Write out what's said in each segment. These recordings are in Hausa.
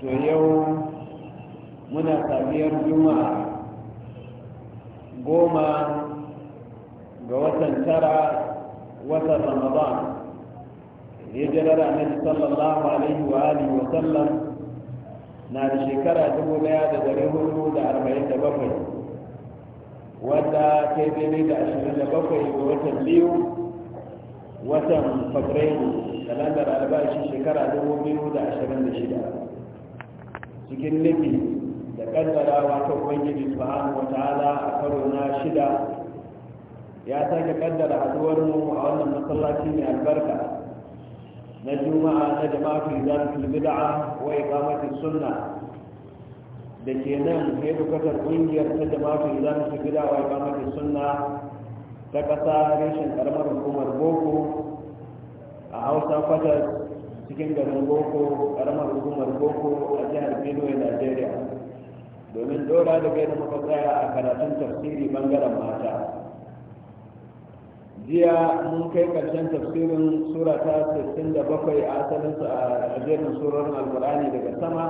to yau muna sabiyar juma'a goma ga watan tara watan ramadan hijirar annabi sallallahu alaihi wa alihi wa sallam na da shekara dubu daya da dari hudu da arba'in da bakwai wadda ta yi daidai da ashirin da bakwai ga watan biyu watan fabrairu kalandar albashi shekara dubu biyu da ashirin da shida cikin nufi da kaddarawa ta ubangiji subhanahu wataala a karo na shida ya sake kaddara haduwar mu a wannan masallaci mai albarka na juma'a na jama'atu izalatul bid'a wa iqamatis sunna da ke nan hedukatar kungiyar ta jama'atu izalatul bid'a wa iqamatis sunna ta kasa reshen karamar hukumar boko a hausa kwatar cikin garin boko karamar hukumar boko a jihar benue nigeria domin dora da gaida muka tsaya a karatun tafsiri bangaren mata jiya mun kai karshen tafsirin sura ta 67 a asalinsu a jerin surorin alkur'ani daga sama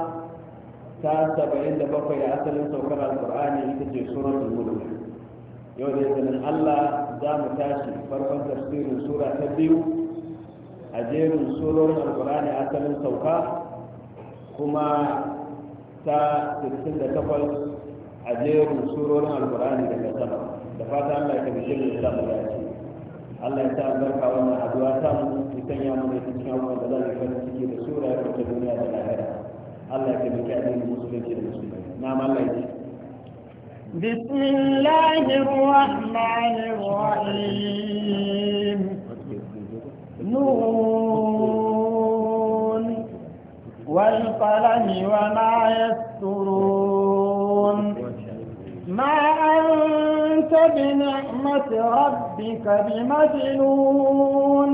ta 77 a asalin saukar alkur'ani ita ce suratul mulk yau da izinin allah za mu tashi farkon tafsirin sura ta biyu a jerin surorin alkur'ani asalin sauka kuma ta 68 a jerin surorin alkur'ani daga sama da fata Allah ya kabi shirin da mu dace Allah ya sa barka wannan addu'a ta mu idan sanya mun yi cikin abubuwan da za mu fara ciki da sura ya ta duniya da lahira Allah ya kabi addinin musulunci da musulunci. na Allah ya بسم الله الرحمن الرحيم نون والقلم وما يسترون ما أنت بنعمة ربك بمجنون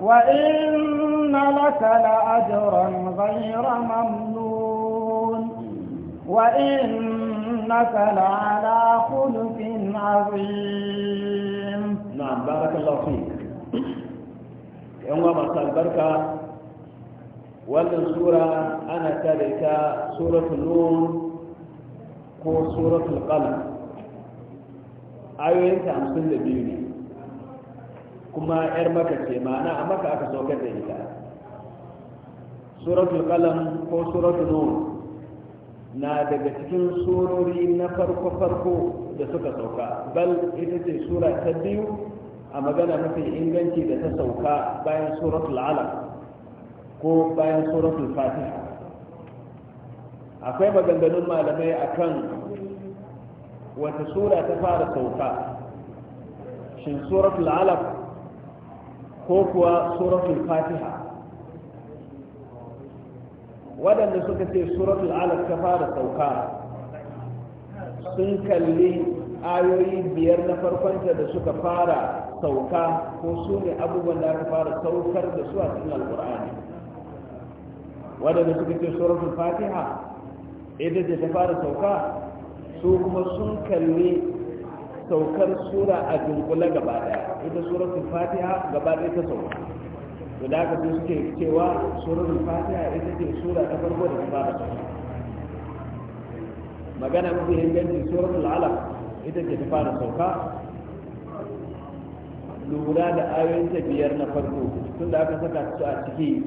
وإن لك لأجرا غير ممنون وإنك لعلى خلق عظيم نعم بارك الله فيك yan wa masu albarka wannan sura ana tare ta suratul nun ko suratul qalam ta hamsin da biyu ne kuma yar maka ce ma'ana a maka aka saukar da ita suratul qalam ko suratul nun na daga cikin surori na farko-farko da suka sauka bal ita ce sura ta biyu a magana mafi inganci da ta sauka bayan suratul alaq ko bayan suratul fatiha akwai maganganun malamai akan wata sura ta fara sauka shin suratul alaq ko kuwa suratul fatiha waɗanda suka ce suratul alaq ta fara sauka sun kalli ayoyi biyar na farkonta da suka fara sauka ko su ne abubuwan da aka fara saukar da su a cikin alkur'ani wadanda suka ce suratul fatiha ita ce ta fara sauka su kuma sun kalli saukar sura a dunkule gaba ɗaya ita suratul fatiha gaba daya ta sauka to da aka suke cewa suratul fatiha ita ce sura ta farko da ta fara sauka magana mafi inganci suratul alaq ita ce ta fara sauka lura da ayoyinsa biyar na farko tun da aka saka su a ciki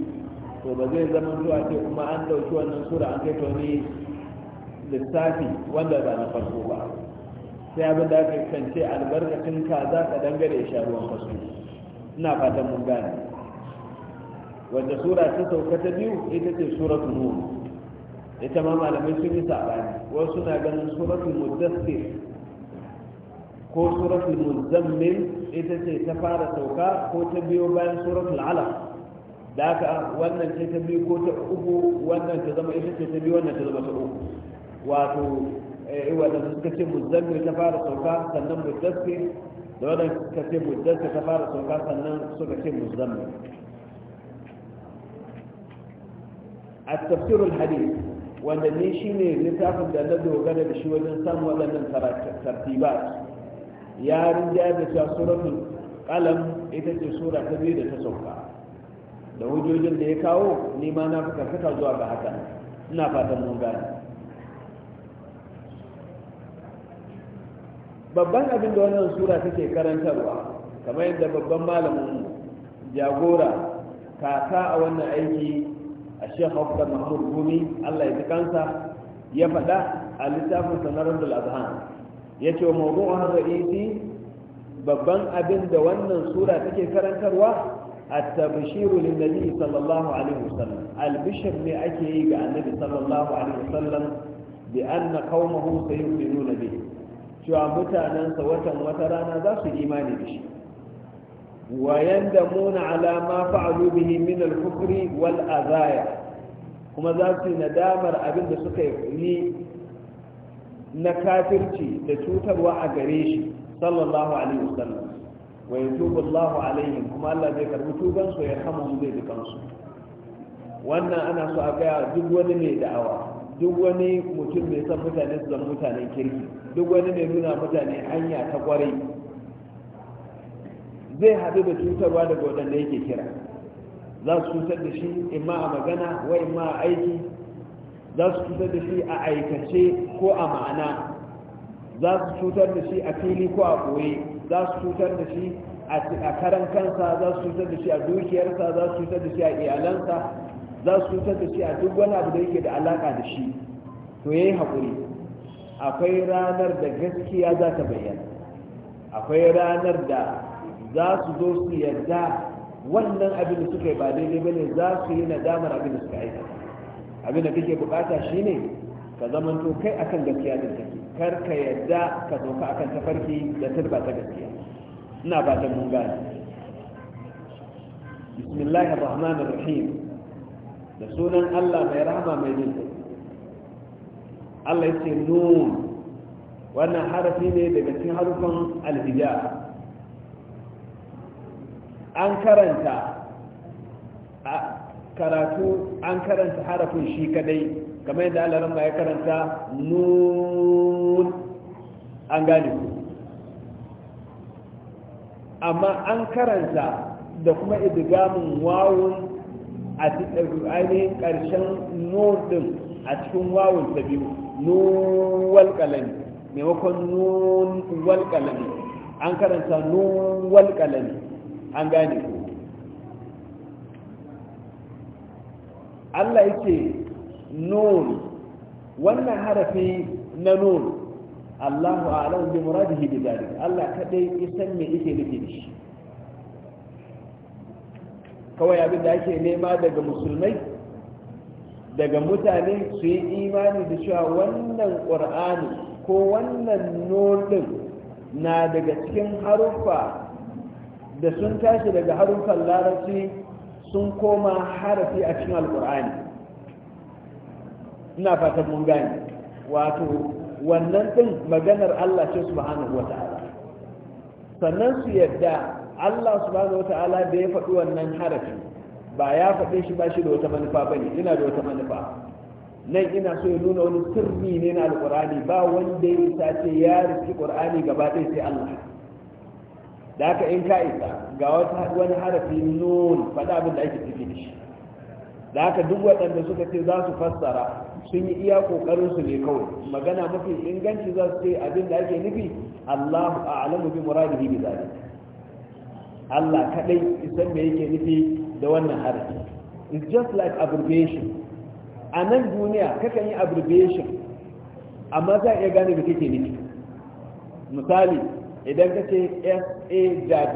to ba zai zama zuwa ce kuma an ɗauki wannan sura an kai ta wani lissafi wanda ba na farko ba sai abin da aka kance albarkacin ka za ka dangare sha ruwan fasu ina fatan mun gane wanda sura ta sauka ta biyu ita ce suratul nur ita ma malamai sun yi sabani wasu na ganin suratul mudassir ko suratul muzammil ita ce ta fara sauka ko ta biyo bayan suratul alaq da haka wannan ce ta biyu ko ta uku wannan ta zama ita ce ta biyu wannan ta zama ta uku wato eh, wadanda suka ce muzammil ta fara sauka sannan mudassir da wadanda suka ce mudassir ta fara sauka sannan suka ce muzammil التفسير الحديث wanda ne shine littafin da na dogara da shi wajen samun waɗannan tartibat ya rinja da cewa suratul qalam ita ce sura ta biyu da ta sauka da hujjojin da ya kawo ni ma na fi karkata zuwa ga haka ina fatan mun gani babban abin da wannan sura take karantarwa kamar yadda babban malamin jagora kaka a wannan aiki a shekh hafsa mahmud gumi allah ya ji kansa ya faɗa a littafin sanarar da azhan ya ce mawuduwar hadisi babban abin da wannan sura take karantarwa a tabbashiru linnabi sallallahu alaihi wasallam albishir ne ake yi ga annabi sallallahu alaihi wasallam bi anna qaumahu sayu'minuna bi cewa mutanansa watan wata rana za su imani da shi wa yandamuna ala ma fa'alu bihi min al-kufri wal kuma za su nadamar abin da suka yi na kafirci da cutarwa a gare shi sallallahu alaihi wasallam wa yatubu Allahu alaihim kuma Allah zai karbi tuban su ya kama su zai dukan su wannan ana so a gaya duk wani mai da'awa duk wani mutum mai son mutane su zama mutanen kirki duk wani mai nuna mutane hanya ta kwarai zai haɗu da cutarwa daga waɗanda yake kira za su cutar da shi imma a magana wa imma a aiki za su cutar da shi a aikace ko a ma'ana za su cutar da shi a fili ko a ɓoye za su cutar da shi a karan kansa za su cutar da shi a dukiyarsa za su cutar da shi a iyalansa za su cutar da shi a duk wani abu da yake da alaka da shi to ya yi haƙuri akwai ranar da gaskiya za ta bayyana akwai ranar da za su zo su yarda wannan abin da suka yi ba daidai ba ne za su yi nadamar abin da suka aikata abin da kake bukata shine ka to kai akan gaskiya da take kar ka yadda ka doka akan tafarki da turba ta gaskiya ina ta mun gani bismillahi rahmanir rahim da sunan Allah mai rahama mai jin Allah ce nun wannan harafi ne daga cikin harufan alhijab an karanta karatu an karanta harafin shi kadai kamar yadda alaran ba ya karanta nun an gane ku amma an karanta da kuma idgamin wawun a ainihin ƙarshen nun din a cikin wawun ta biyu nun wal kalami maimakon nun wal an karanta nun wal an gane ku Allah yake nun wannan harafi na nun Allahu a'lam bi muradihi bi dhalik Allah kadai isan me yake nufi da shi kawai abin da ake nema daga musulmai daga mutane su yi imani da cewa wannan ƙur'ani ko wannan nun din na daga cikin haruffa da sun tashi daga haruffan larabci sun koma harafi a cikin alkur'ani ina fatan mun gane wato wannan din maganar Allah ce subhanahu wata'ala sannan su yadda Allah subhanahu wata'ala da ya faɗi wannan harafi ba ya faɗe shi ba shi da wata manufa ba ne, ina da wata manufa nan ina so ya nuna wani sirri ne na alkur'ani ba wanda ya ce ya riski ƙur'ani gaba ɗaya sai Allah da haka in ka isa ga wani harafi nun faɗa abin da ake cikin da shi da haka duk waɗanda suka ce za su fassara sun yi iya ƙoƙarin su ne kawai magana mafi inganci za su ce abin da ake nufi a a'lamu bi muradihi bi zalik Allah kadai isan me yake nufi da wannan harafi it's just like abbreviation a nan duniya kakan yi abbreviation amma za a iya gane da kake nufi misali idan ka ce saw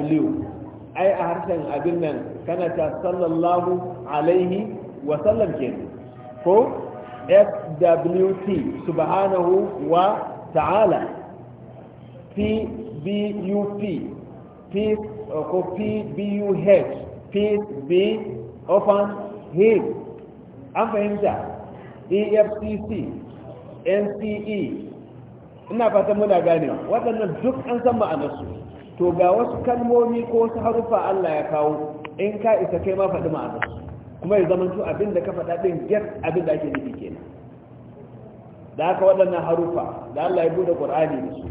ai a harshen abin nan kana ta sallallahu alaihi wa sallam ke ko fwt subhanahu wa ta'ala pbut peace ko pbuh peace be often hate an efcc nce ina fatan muna ganewa waɗannan duk an san ma'anarsu to ga wasu kalmomi ko wasu harufa Allah ya kawo in ka isa kai ma faɗi ma'anarsu kuma ya zama su abin da ka faɗa ɗin get abin da ake nufi kenan da haka waɗannan harufa da Allah ya bude Qur'ani da su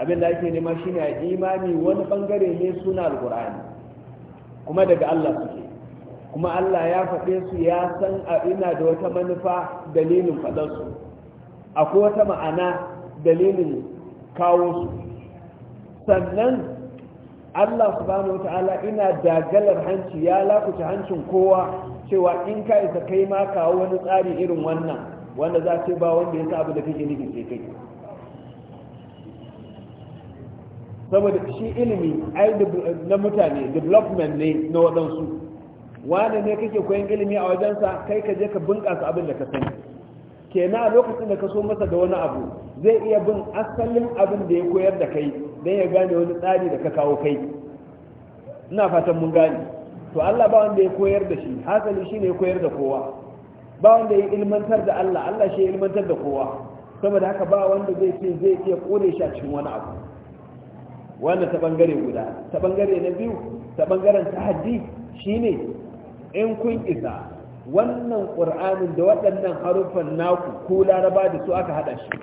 abin da ake nema shine a imani wani bangare ne suna alqur'ani kuma daga Allah suke kuma Allah ya faɗe su ya san a ina da wata manufa dalilin faɗansu akwai wata ma'ana dalilin kawo su sannan Allah subhanahu ta'ala ina dagalar hanci ya lakuta hancin kowa cewa in ka isa kai ma kawo wani tsari irin wannan wanda za ce ba wanda ya sa abu da kake nufi ce kai saboda shi ilimi ai na mutane development ne na waɗansu wanda ne kake koyan ilimi a wajensa kai ka je ka bunƙasa abin da ka sani kenan a lokacin da ka so masa da wani abu zai iya bin asalin abin da ya koyar da kai don ya gane wani tsari da ka kawo kai ina fatan mun gane to Allah ba wanda ya koyar da shi hasali ne ya koyar da kowa ba wanda ya ilmantar da Allah Allah shi ya ilmantar da kowa saboda haka ba wanda zai ce zai iya kore shi a cikin wani abu wannan ta bangare guda ta bangare na biyu ta bangaren tahaddi shine in kun isa wannan ƙur'anin da waɗannan haruffan naku ko laraba da su aka haɗa shi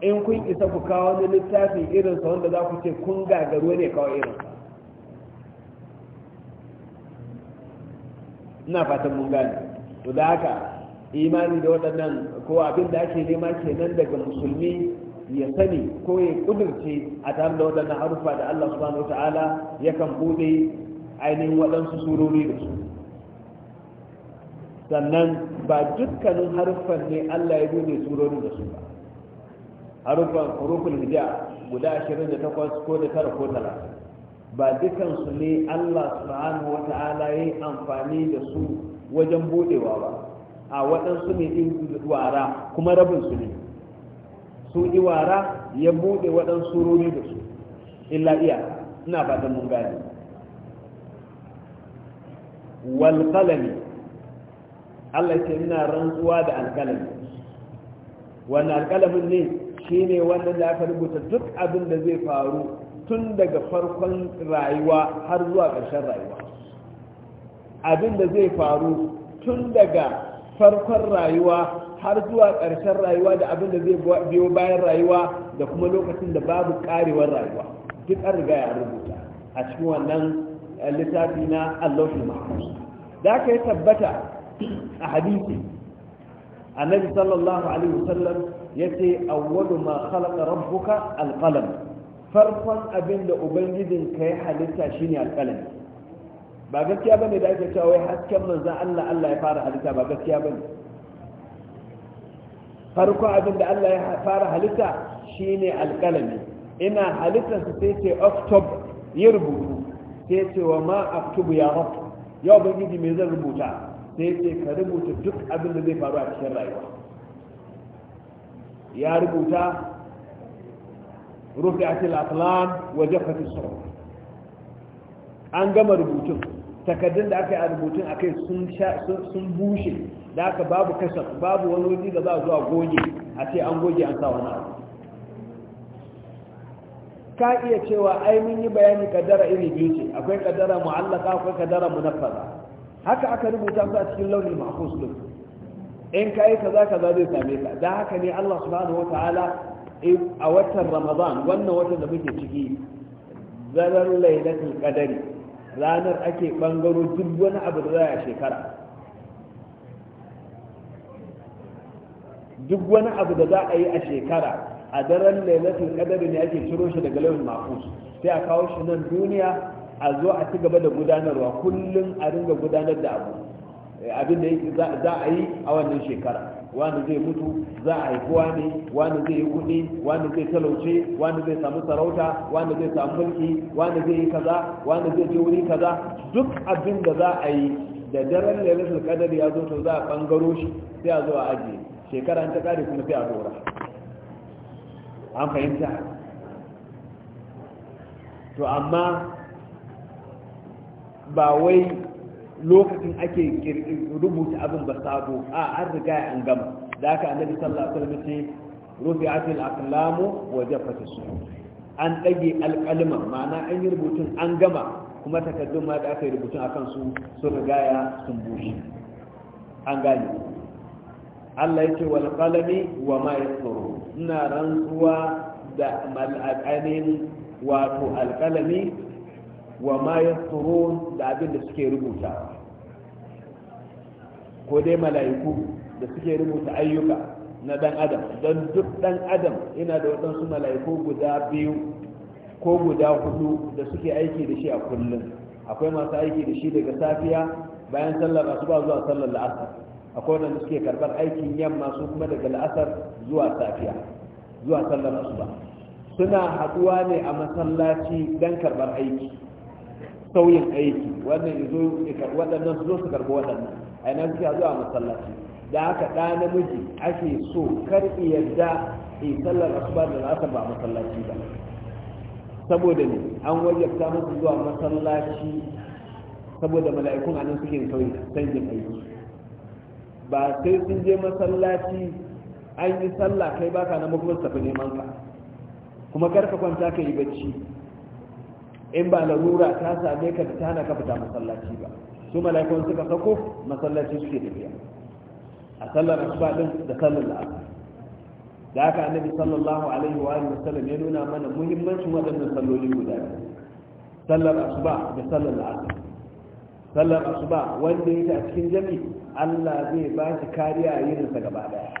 in kun isa ku kawo wani littafi irinsa wanda za ku ce kun gagaru ne kawo irinsa ina fatan mun gane to da haka imani da waɗannan ko abin da ake nema kenan daga musulmi ya sani ko ya kudurce a tare da waɗannan harufa da Allah subhanahu wa ta'ala yakan bude ainihin waɗansu surori da su sannan ba dukkanin haruffan ne Allah ya bude surorin da su ba haruffan hurufin hija guda 28 ko da tara ko tara ba dukkan su ne Allah subhanahu wa ta'ala ya yi amfani da su wajen budewa ba a waɗansu ne iwara kuma rabin su ne su iwara ya bude waɗansu surori da su illa iya ina fatan mun gane wal qalami Allah ce ina rantsuwa da alƙalami wannan alƙalamin ne shi ne wanda da aka rubuta duk abin da zai faru tun daga farkon rayuwa har zuwa ƙarshen rayuwa abin da zai faru tun daga farkon rayuwa har zuwa ƙarshen rayuwa da abin da zai biyo bayan rayuwa da kuma lokacin da babu ƙarewar rayuwa duk an riga ya rubuta a cikin wannan eh, littafi na Allah da aka yi tabbata a annabi sallallahu alaihi wasallam yace awwalu ma khalaqa rabbuka alqalam farkon abin da ubangijin ka ya halitta shine alqalam ba gaskiya bane da ake cewa wai hasken manzon Allah Allah ya fara halitta ba gaskiya bane farkon abin da Allah ya fara halitta shine alqalami ina halitta su sai ce oktob ya rubutu sai ce wa ma aktubu ya rabu yau ubangiji me zan rubuta sai ce ka rubuta duk abin da zai faru a cikin rayuwa ya rubuta rufi'atil aqlam wa jaffatis suhuf an gama rubutun takaddun da aka yi a rubutun akai sun sun bushe da aka babu kasa babu wani waje da za a zuwa goge a ce an goge an sa wani ka iya cewa ai mun yi bayani kaddara iri biyu ce akwai kaddara mu'allaka akwai kaddara munafara. haka aka rubuta su a cikin launin mahfuz din in ka yi kai za ka zai same ka dan haka ne Allah subhanahu wataala a watan Ramadan wannan watan da muke ciki zarar lailatul qadari ranar ake bangaro duk wani abu da za a shekara duk wani abu da za a yi a shekara a daren lailatul qadari ne ake ciro shi daga launin mahfuz sai a kawo shi nan duniya a zo a ci gaba da gudanarwa kullum a ringa gudanar da abu abin da za a yi a wannan shekara wani zai mutu za a haifi wani wani zai yi kudi wani zai talauce wani zai samu sarauta wani zai samu mulki wani zai yi kaza wani zai je wuri kaza duk abin da za a yi da daren lailatul kadar ya zo to za a bangaro shi sai a zo a ajiye shekara an ta kare kuma sai a dora an fahimta to amma ba wai lokacin ake rubuta abin ba sabo a an riga an gama da aka annabi sallallahu alaihi wasallam ce rufi'atil aqlamu wa jaffat an dage alqalma ma'ana an yi rubutun an gama kuma takaddun ma da aka yi rubutun akan su sun ya sun bushe an gane Allah ya ce wal qalami wa ma yasuru ina rantsuwa da mal'aqanin wato alƙalami wa ma yasturun da abin da suke rubuta ko dai mala'iku da suke rubuta ayyuka na dan adam don duk dan adam yana da waɗansu mala'iku guda biyu ko guda hudu da suke aiki da shi a kullum akwai masu aiki da shi daga safiya bayan sallar asuba zuwa sallar la'asar akwai wanda suke karɓar aikin yamma su kuma daga la'asar zuwa safiya zuwa sallar asuba suna haɗuwa ne a masallaci don karɓar aiki sauyin aiki wannan izo waɗannan su zo su karɓi waɗannan a yana suke zuwa masallaci da haka ɗa namiji ake so kar yadda in sallar asuba da nasa ba masallaci ba saboda ne an wajabta musu zuwa masallaci saboda mala'ikun a nan suke sauyin canjin aiki ba sai sun je masallaci an yi sallah kai baka na mugubar tafi neman ka kuma karka kwanta ka yi bacci in ba larura ta same ka da ta hana ka masallaci ba su mala'ikun suka sako masallaci suke tafiya a sallar asuba din da sallar la'asar da haka annabi sallallahu alaihi wa alihi wasallam ya nuna mana muhimmancin waɗannan salloli guda biyu sallar asuba da sallar la'asar sallar asuba wanda ya yake a cikin jami'i Allah zai ba shi kariya a yin sa gaba daya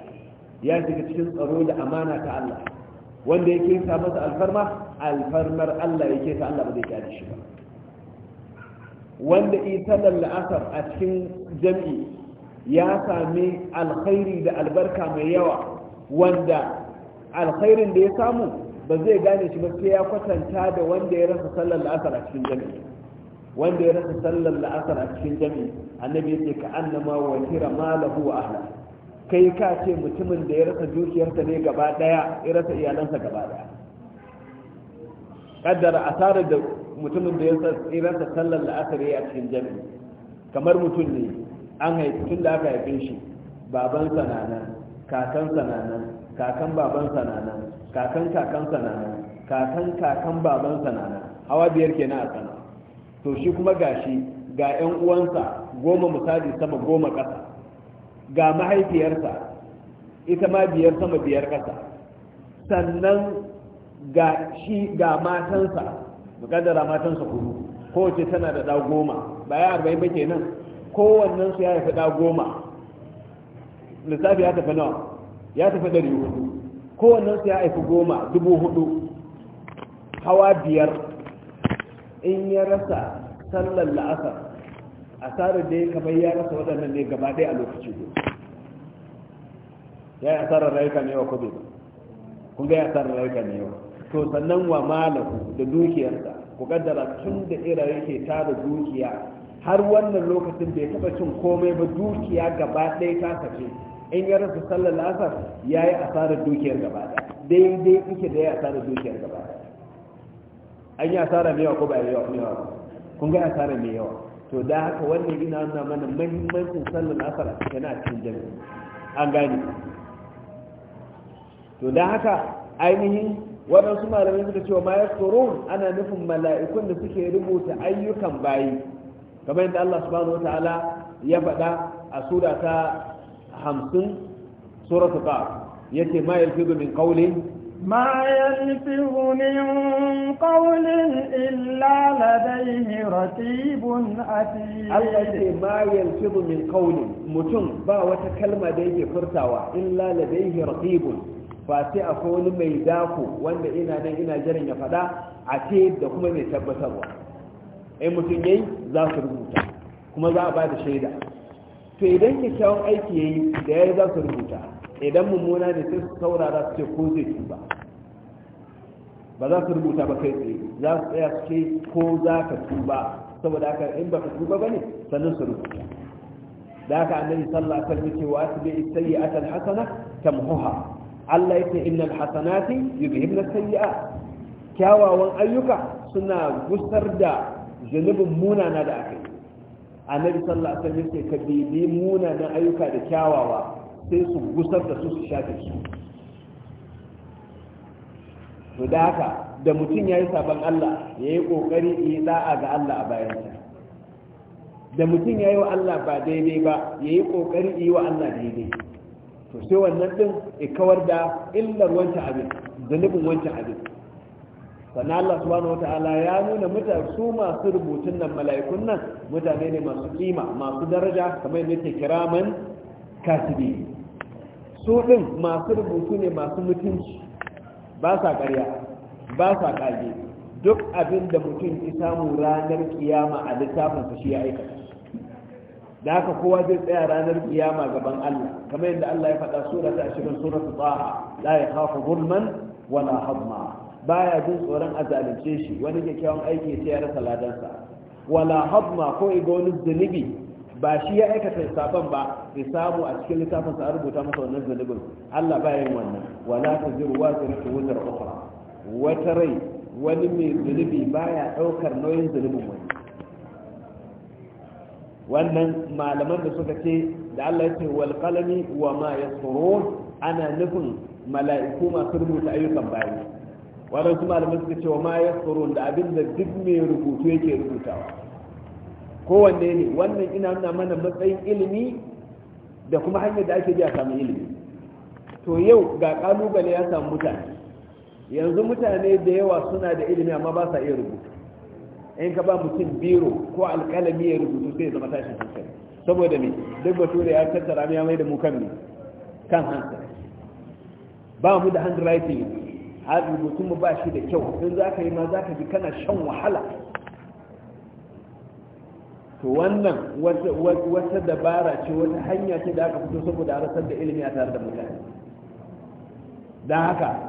ya shiga cikin tsaro da amana ta Allah wanda yake sa masa alfarma alfarmar Allah yake ta Allah ba zai kyale shi ba wanda ita la'asar a cikin jam'i ya sami alkhairi da albarka mai yawa wanda alkhairin da ya samu ba zai gane shi ba sai ya kwatanta da wanda ya rasa sallar la'asar a cikin jami'i wanda ya rasa sallar la'asar a cikin jami'i annabi ya ce ka annama wa kira malahu wa ahla kai ka ce mutumin da ya rasa dukiyarsa ne gaba daya ya rasa iyalansa gaba daya kaddara tare da mutumin da ya tsiransa sallar la'asar ya a cikin jami kamar mutum ne an haifi tun da aka haifin shi "Baban sananan kakan sananan kakan Baban sananan kakan kakan sananan kakan kakan Baban sananan hawa biyar kenan a sana to shi kuma gashi ga 'yan uwansa goma misali sama goma ƙasa ga mahaifiyarsa ita ma biyar sama biyar ƙasa sannan ga shi ga matansa mukaddara matansa ko kowace tana da ɗa goma baya arba'in ba kenan kowannen su ya haifi ɗa goma lissafi ya tafi nawa ya tafi ɗari hudu kowannen su ya haifi goma dubu hudu hawa biyar in ya rasa sallar la'asar asarar da ya kamar ya rasa waɗannan ne gaba ɗaya a lokaci guda ya yi asarar rayuka ne wa kudu kun ga ya asarar rayuka ne wa to sannan wa malahu da dukiyarsa ku kaddara tun da ira yake tada dukiya har wannan lokacin bai taɓa cin komai ba dukiya gaba ɗaya ta tafi in ya rasa sallar lasar ya yi asarar dukiyar gaba ɗaya daidai ike da ya asarar dukiyar gaba ɗaya an yi asarar mai yawa ko ba yawa mai yawa kun ga asarar mai yawa to da haka wannan ina nuna mana mahimmancin sallar lasar a cikin jami'a an gane to da haka ainihin waɗansu malamai suka cewa ma yaskurun ana nufin mala'ikun da suke rubuta ayyukan bayi kamar yadda Allah subhanahu wa ta'ala ya faɗa a sura ta 50 sura ta ƙar yace ma yalfidu min qawlin ma yalfidu min qawlin illa ladayhi ratibun ati Allah yace ma yalfidu min mutum ba wata kalma da yake furtawa illa ladayhi ratibun ba sai akwai wani mai dako wanda ina nan ina jiran ya faɗa a ce da kuma mai tabbatarwa ai mutum yayi za su rubuta kuma za a ba da shaida to idan kyakkyawan aiki yayi da yayi za su rubuta idan mummuna ne sai su saurara su ce ko zai tuba ba za su rubuta ba kai tsaye za su tsaya su ce ko za ka tuba saboda haka in ba ka tuba ba ne sannan su rubuta da haka annabi sallallahu alaihi wasallam ce wa asbi sayyi'atan hasana tamhuha Allah yake innal hasanati yuzhibna sayyi'at kyawawan ayyuka suna gusar da zunubin munana da aka yi annabi sallallahu alaihi wasallam yake kabibi munana munanan ayyuka da kyawawa sai su gusar da su su shafe su to da haka da mutum ya yi sabon Allah ya yi ƙoƙari yi da'a ga Allah a bayansa da mutum ya yi wa Allah ba daidai ba ya yi ƙoƙari yi wa Allah daidai to sai wannan din ya kawar da illar wancan abin zanubin wancan abin sannan Allah subhanahu ta'ala ya nuna mutane su masu rubutun nan mala'ikun nan mutane ne masu kima masu daraja kamar yadda yake kiraman kasibi su din masu rubutu ne masu mutunci ba sa ƙarya ba sa ƙage duk abin da mutum ya samu ranar kiyama a littafin shi ya aikata da haka kowa zai tsaya ranar kiyama gaban Allah kamar yadda Allah ya faɗa sura ta ashirin sura ta tsaha la ya kafa wala hamma baya jin tsoron a zalunce shi wani kyakkyawan aiki sai ya rasa ladansa wala hamma ko iga wani zunubi ba shi ya aikata sabon ba ya samu a cikin littafin sa rubuta masa wannan zunubin Allah baya yin wannan wala taziru wa ziratu wuzra ukhra wata rai wani mai zunubi baya daukar nauyin zunubin wani wannan malaman da suka ce da Allah ya ce wal qalami wa ma yasrun ana nufin mala'iku masu rubuta ayyukan bayi kuma malaman suka ce wa ma yasrun da abin da duk mai rubutu yake rubutawa kowanne ne wannan ina nuna mana matsayin ilimi da kuma hanyar da ake bi a samu ilimi to yau ga kalubale ya samu mutane yanzu mutane da yawa suna da ilimi amma ba sa iya rubutu in ka ba mutum biro ko alkalami ya rubutu sai zama tashin hankali saboda me duk bature ya tattara ya mai da mu kan ne kan hankali ba mu da handwriting har rubutun mu ba shi da kyau in za ka yi ma za ka ji kana shan wahala to wannan wata dabara ce wata hanya ce da aka fito saboda a rasar da ilimi a tare da mutane don haka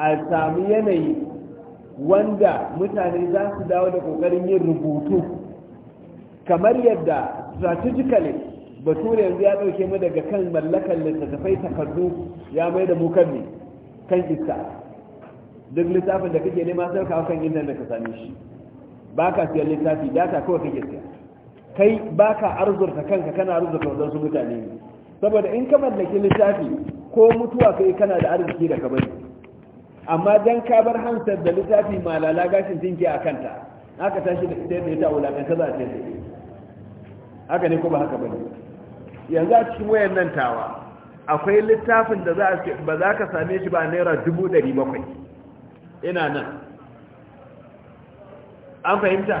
a sami yanayi wanda mutane za su dawo da kokarin yin rubutu kamar yadda strategically bature yanzu ya dauke mu daga kan mallakar littattafai takardu ya mai da mu kan kan iska duk littafin da kake nema sai kawo kan inda ka same shi ba ka siyan littafi data kawai kake siya kai ba ka arzurta kanka kana arzurta wadansu mutane ne saboda in ka mallaki littafi ko mutuwa kai kana da arziki da ka bari amma dan ka bar hansar da littafi malala gashin tinki a kanta haka tashi da ita da ita wulakanta za ta yi haka ne ko ba haka bane yanzu a cikin wayan nan tawa akwai littafin da za ba za ka same shi ba naira dubu ɗari bakwai ina nan an fahimta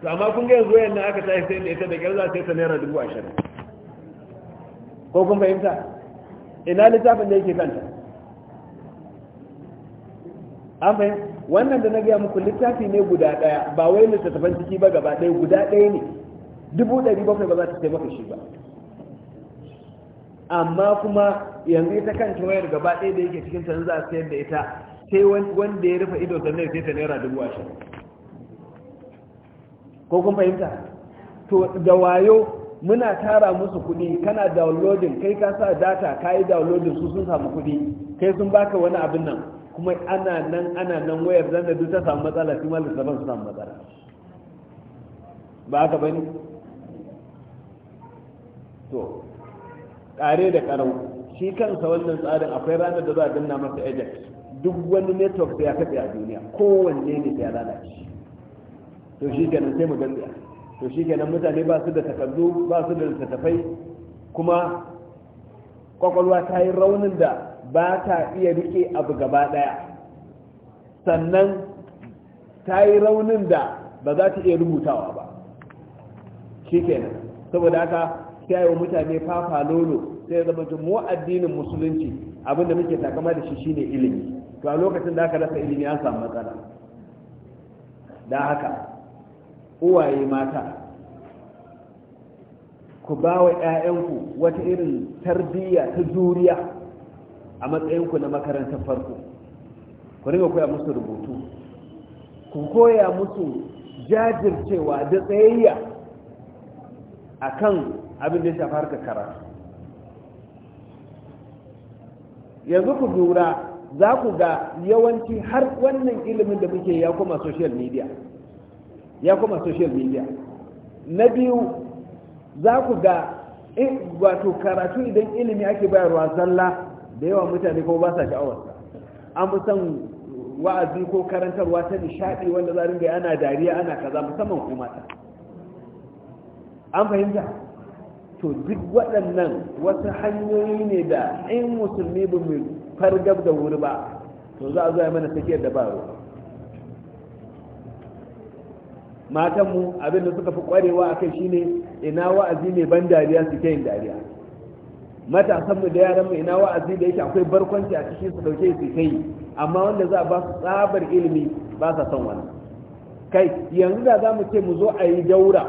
to amma kun ga yanzu wayan nan aka tashi sai da ita da kyar za ta yi ta naira dubu ashirin ko kun fahimta ina littafin da yake kanta an wannan da na gaya muku littafi ne guda ɗaya ba wai littattafan ciki ba gaba ɗaya guda ɗaya ne dubu ɗari bakwai ba za ta sai maka shi ba amma kuma yanzu ita kan wayar gaba ɗaya da yake cikin tanzu a sayar da ita sai wanda ya rufe ido sannan sai ta naira dubu ashirin ko kun fahimta to da wayo muna tara musu kuɗi kana downloading kai ka sa data ka yi downloading su sun samu kuɗi kai sun baka wani abin nan kuma ana nan ana nan wayar zanna duk ta samu matsala shi ma littafan su samu matsala ba haka bane to kare da karau shi kansa wannan tsarin akwai ranar da za a danna masa agent duk wani network da ya kafe a duniya kowanne ne da ya lalace to shi kenan sai mu gantsiya to shi kenan mutane ba su da takardu ba su da littattafai kuma kwakwalwa ta yi raunin da ba ta iya rike abu gaba ɗaya. sannan ta yi raunin da ba za ta iya rubutawa ba shi kenan saboda haka yi wa mutane fafa lolo sai zama mu addinin musulunci abinda muke takama da shi shine ilimi to a lokacin da aka rasa ilimi an samu matsala da haka uwaye mata ku ba wa 'ya'yanku wata irin tarbiyya ta juriya a matsayinku na makarantar farko ku riga koya musu rubutu ku koya musu jajircewa da tsayayya a kan abin da ya shafi harkar karatu yanzu ku dura za ku ga yawanci har wannan ilimin da muke ya koma social media ya koma social media na biyu za ku ga eh, wato karatu idan ilimi ake bayarwa zalla da yawa mutane ko ba sa sha'awarsa an musan wa'azi ko karantarwa ta nishaɗi wanda za ringa ana dariya ana kaza musamman ko mata an fahimta to duk waɗannan wasu hanyoyi ne da in musulmi ba mu fargab da wuri ba to za a zo ya mana tsakiyar da ba ruwa matanmu abinda suka fi kwarewa a kai shine ina wa'azi mai ban dariya su ke yin dariya matasan mu da mu ina wa'azi da yake akwai barkwanci a cikin su dauke su kai amma wanda za a ba su tsabar ilimi ba sa son wannan kai yanzu da za mu ce mu zo a yi daura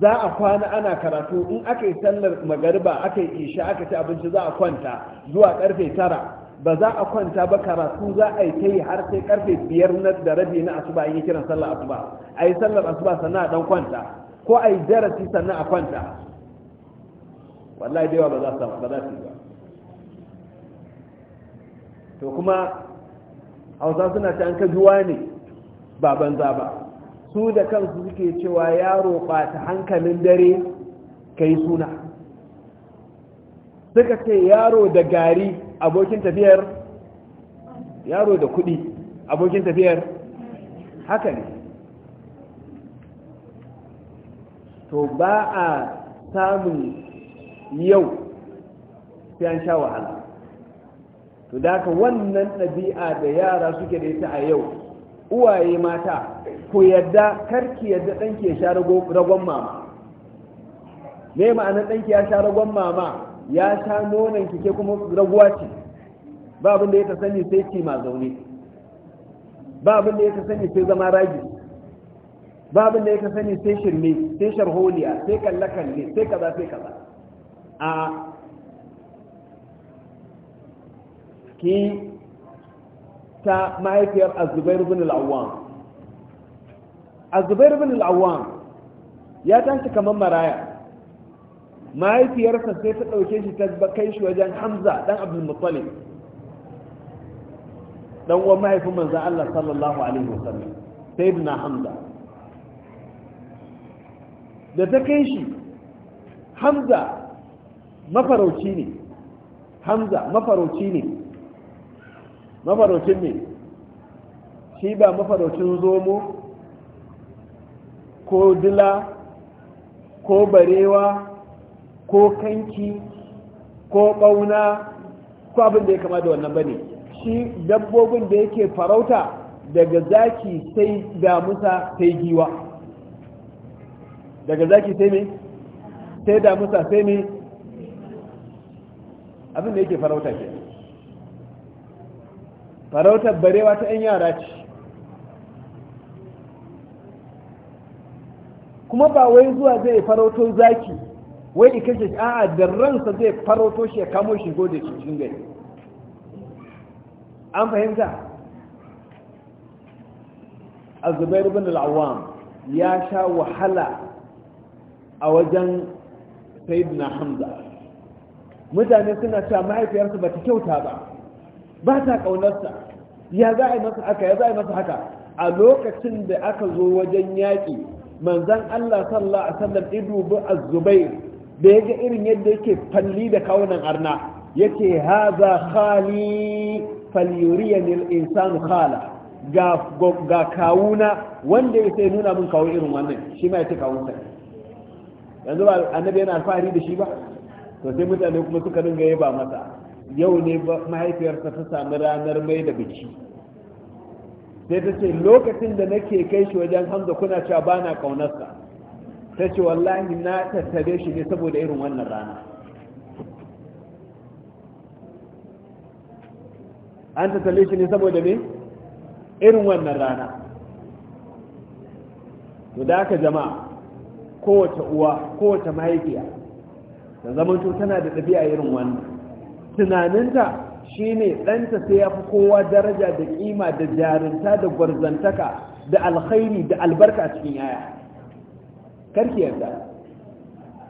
za a kwana ana karatu in aka yi sallar magariba aka yi isha aka ci abinci za a kwanta zuwa karfe tara ba za a kwanta ba karatu za a yi ta yi har sai karfe biyar na da rabi na asuba yi kiran sallar asuba a yi sallar asuba sannan a dan kwanta ko a yi darasi sannan a kwanta wallahi da yawa ba za su ba za su yi ba to kuma hausa suna ta an kajuwa ne ba banza ba su da kansu suke cewa yaro ɓata hankalin dare ka yi suna suka ce yaro da gari abokin tafiyar yaro da kuɗi abokin tafiyar haka ne to ba a samun yau sai an sha wahala to da haka wannan ɗabi'a da yara suke da ita a yau uwaye mata ku yadda karki yadda ɗanki ya sha ragon mama me ma'anar ɗanki ya sha ragon mama ya sha nonon kike kuma raguwa ce ba abin da ya ta sani sai ci ma zaune ba abin da ya ta sani sai zama ragi ba abin da ya ta sani sai shirme sai sharholiya sai kalle kalle sai kaza sai kaza a ke ta mahaifiyar azubairu bin al'awwam azubairu bin al'awwam ya tashi kamar maraya mahaifiyarsa sai ta ɗauke shi ta kai shi wajen hamza ɗan abdulmuttalib ɗan uwan mahaifin manzan allah sallallahu alaihi wasallam sai na hamza da ta kai shi hamza mafarauci ne hamza mafarauci ne mafaraucin ne shi ba mafaraucin zomo ko dila ko barewa ko kanki ko ɓauna ko abin da ya kama da wannan bane shi dabbobin da yake farauta daga zaki sai damusa sai giwa daga zaki sai me sai damusa sai me abin da yake farauta ke farautar barewa ta 'yan yara ce kuma ba wai zuwa zai farauto zaki wai ika shi? a'a da ransa zai farauto shi ya kamo shi gode cikin gari an fahimta a zubairu bin al'awam ya sha wahala a wajen na hamza mutane suna sa mahaifiyarsa ba ta kyauta ba ba ta ƙaunarsa ya za a yi masa haka ya za a yi masa haka a lokacin da aka zo wajen yaƙi manzan Allah sallallahu alaihi wasallam ibnu bi az-zubair da yake irin yadda yake falli da kaunan arna yake haza khali falyuriyani al-insanu khala ga ga kawuna wanda ya nuna min kawo irin wannan shi ma yace kawunsa yanzu ba annabi yana alfahari da shi ba to sai mutane kuma suka ringa yaba masa yau ne mahaifiyarsa ta sami ranar mai da biki sai ta ce lokacin da nake kai shi wajen hamza kuna cewa ba na ƙaunarsa ta ce wallahi na tattare shi ne saboda irin wannan rana an tattare shi ne saboda ne irin wannan rana to da aka jama'a kowace uwa kowace mahaifiya ta zamanto tana da ɗabi'a irin wani. tunaninta shi ne ɗanta sai ya fi kowa daraja da ƙima da jarinta da gwarzantaka da alkhairi da albarka cikin yaya karki yarda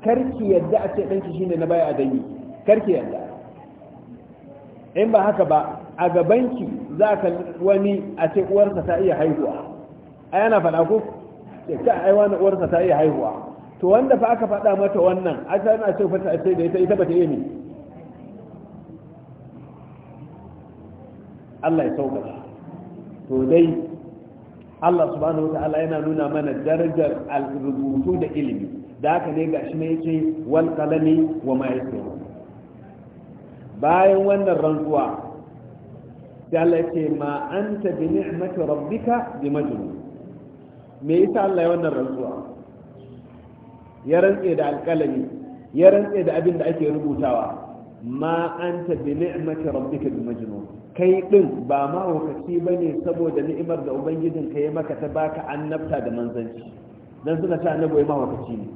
karki yarda a ce ɗanki shi ne na baya a dangi karki yarda in ba haka ba a gabanki za ka wani a ce uwarsa ta iya haihuwa a yana faɗa ko ce ka aiwa na uwarsa ta iya haihuwa to wanda fa aka faɗa mata wannan a tana so fata a ce da ita ita ba ta yi ne Allah ya sauka to dai Allah subhanahu ta'ala yana nuna mana darajar rubutu da ilimi da haka ne shi ne yake wal qalami wa ma yasirun bayan wannan rantsuwa sai Allah ya ce ma anta bi ni'mati rabbika bi majnun me yasa Allah ya wannan rantsuwa ya rantse da alƙalami ya rantse da abin da ake rubutawa ma ta bi ni'mati rabbika bi majnun kai din ba ma wakaci bane saboda ni'imar da ubangijin ka ya maka ta baka annabta da manzanci dan suna ta annabi ma wakaci ne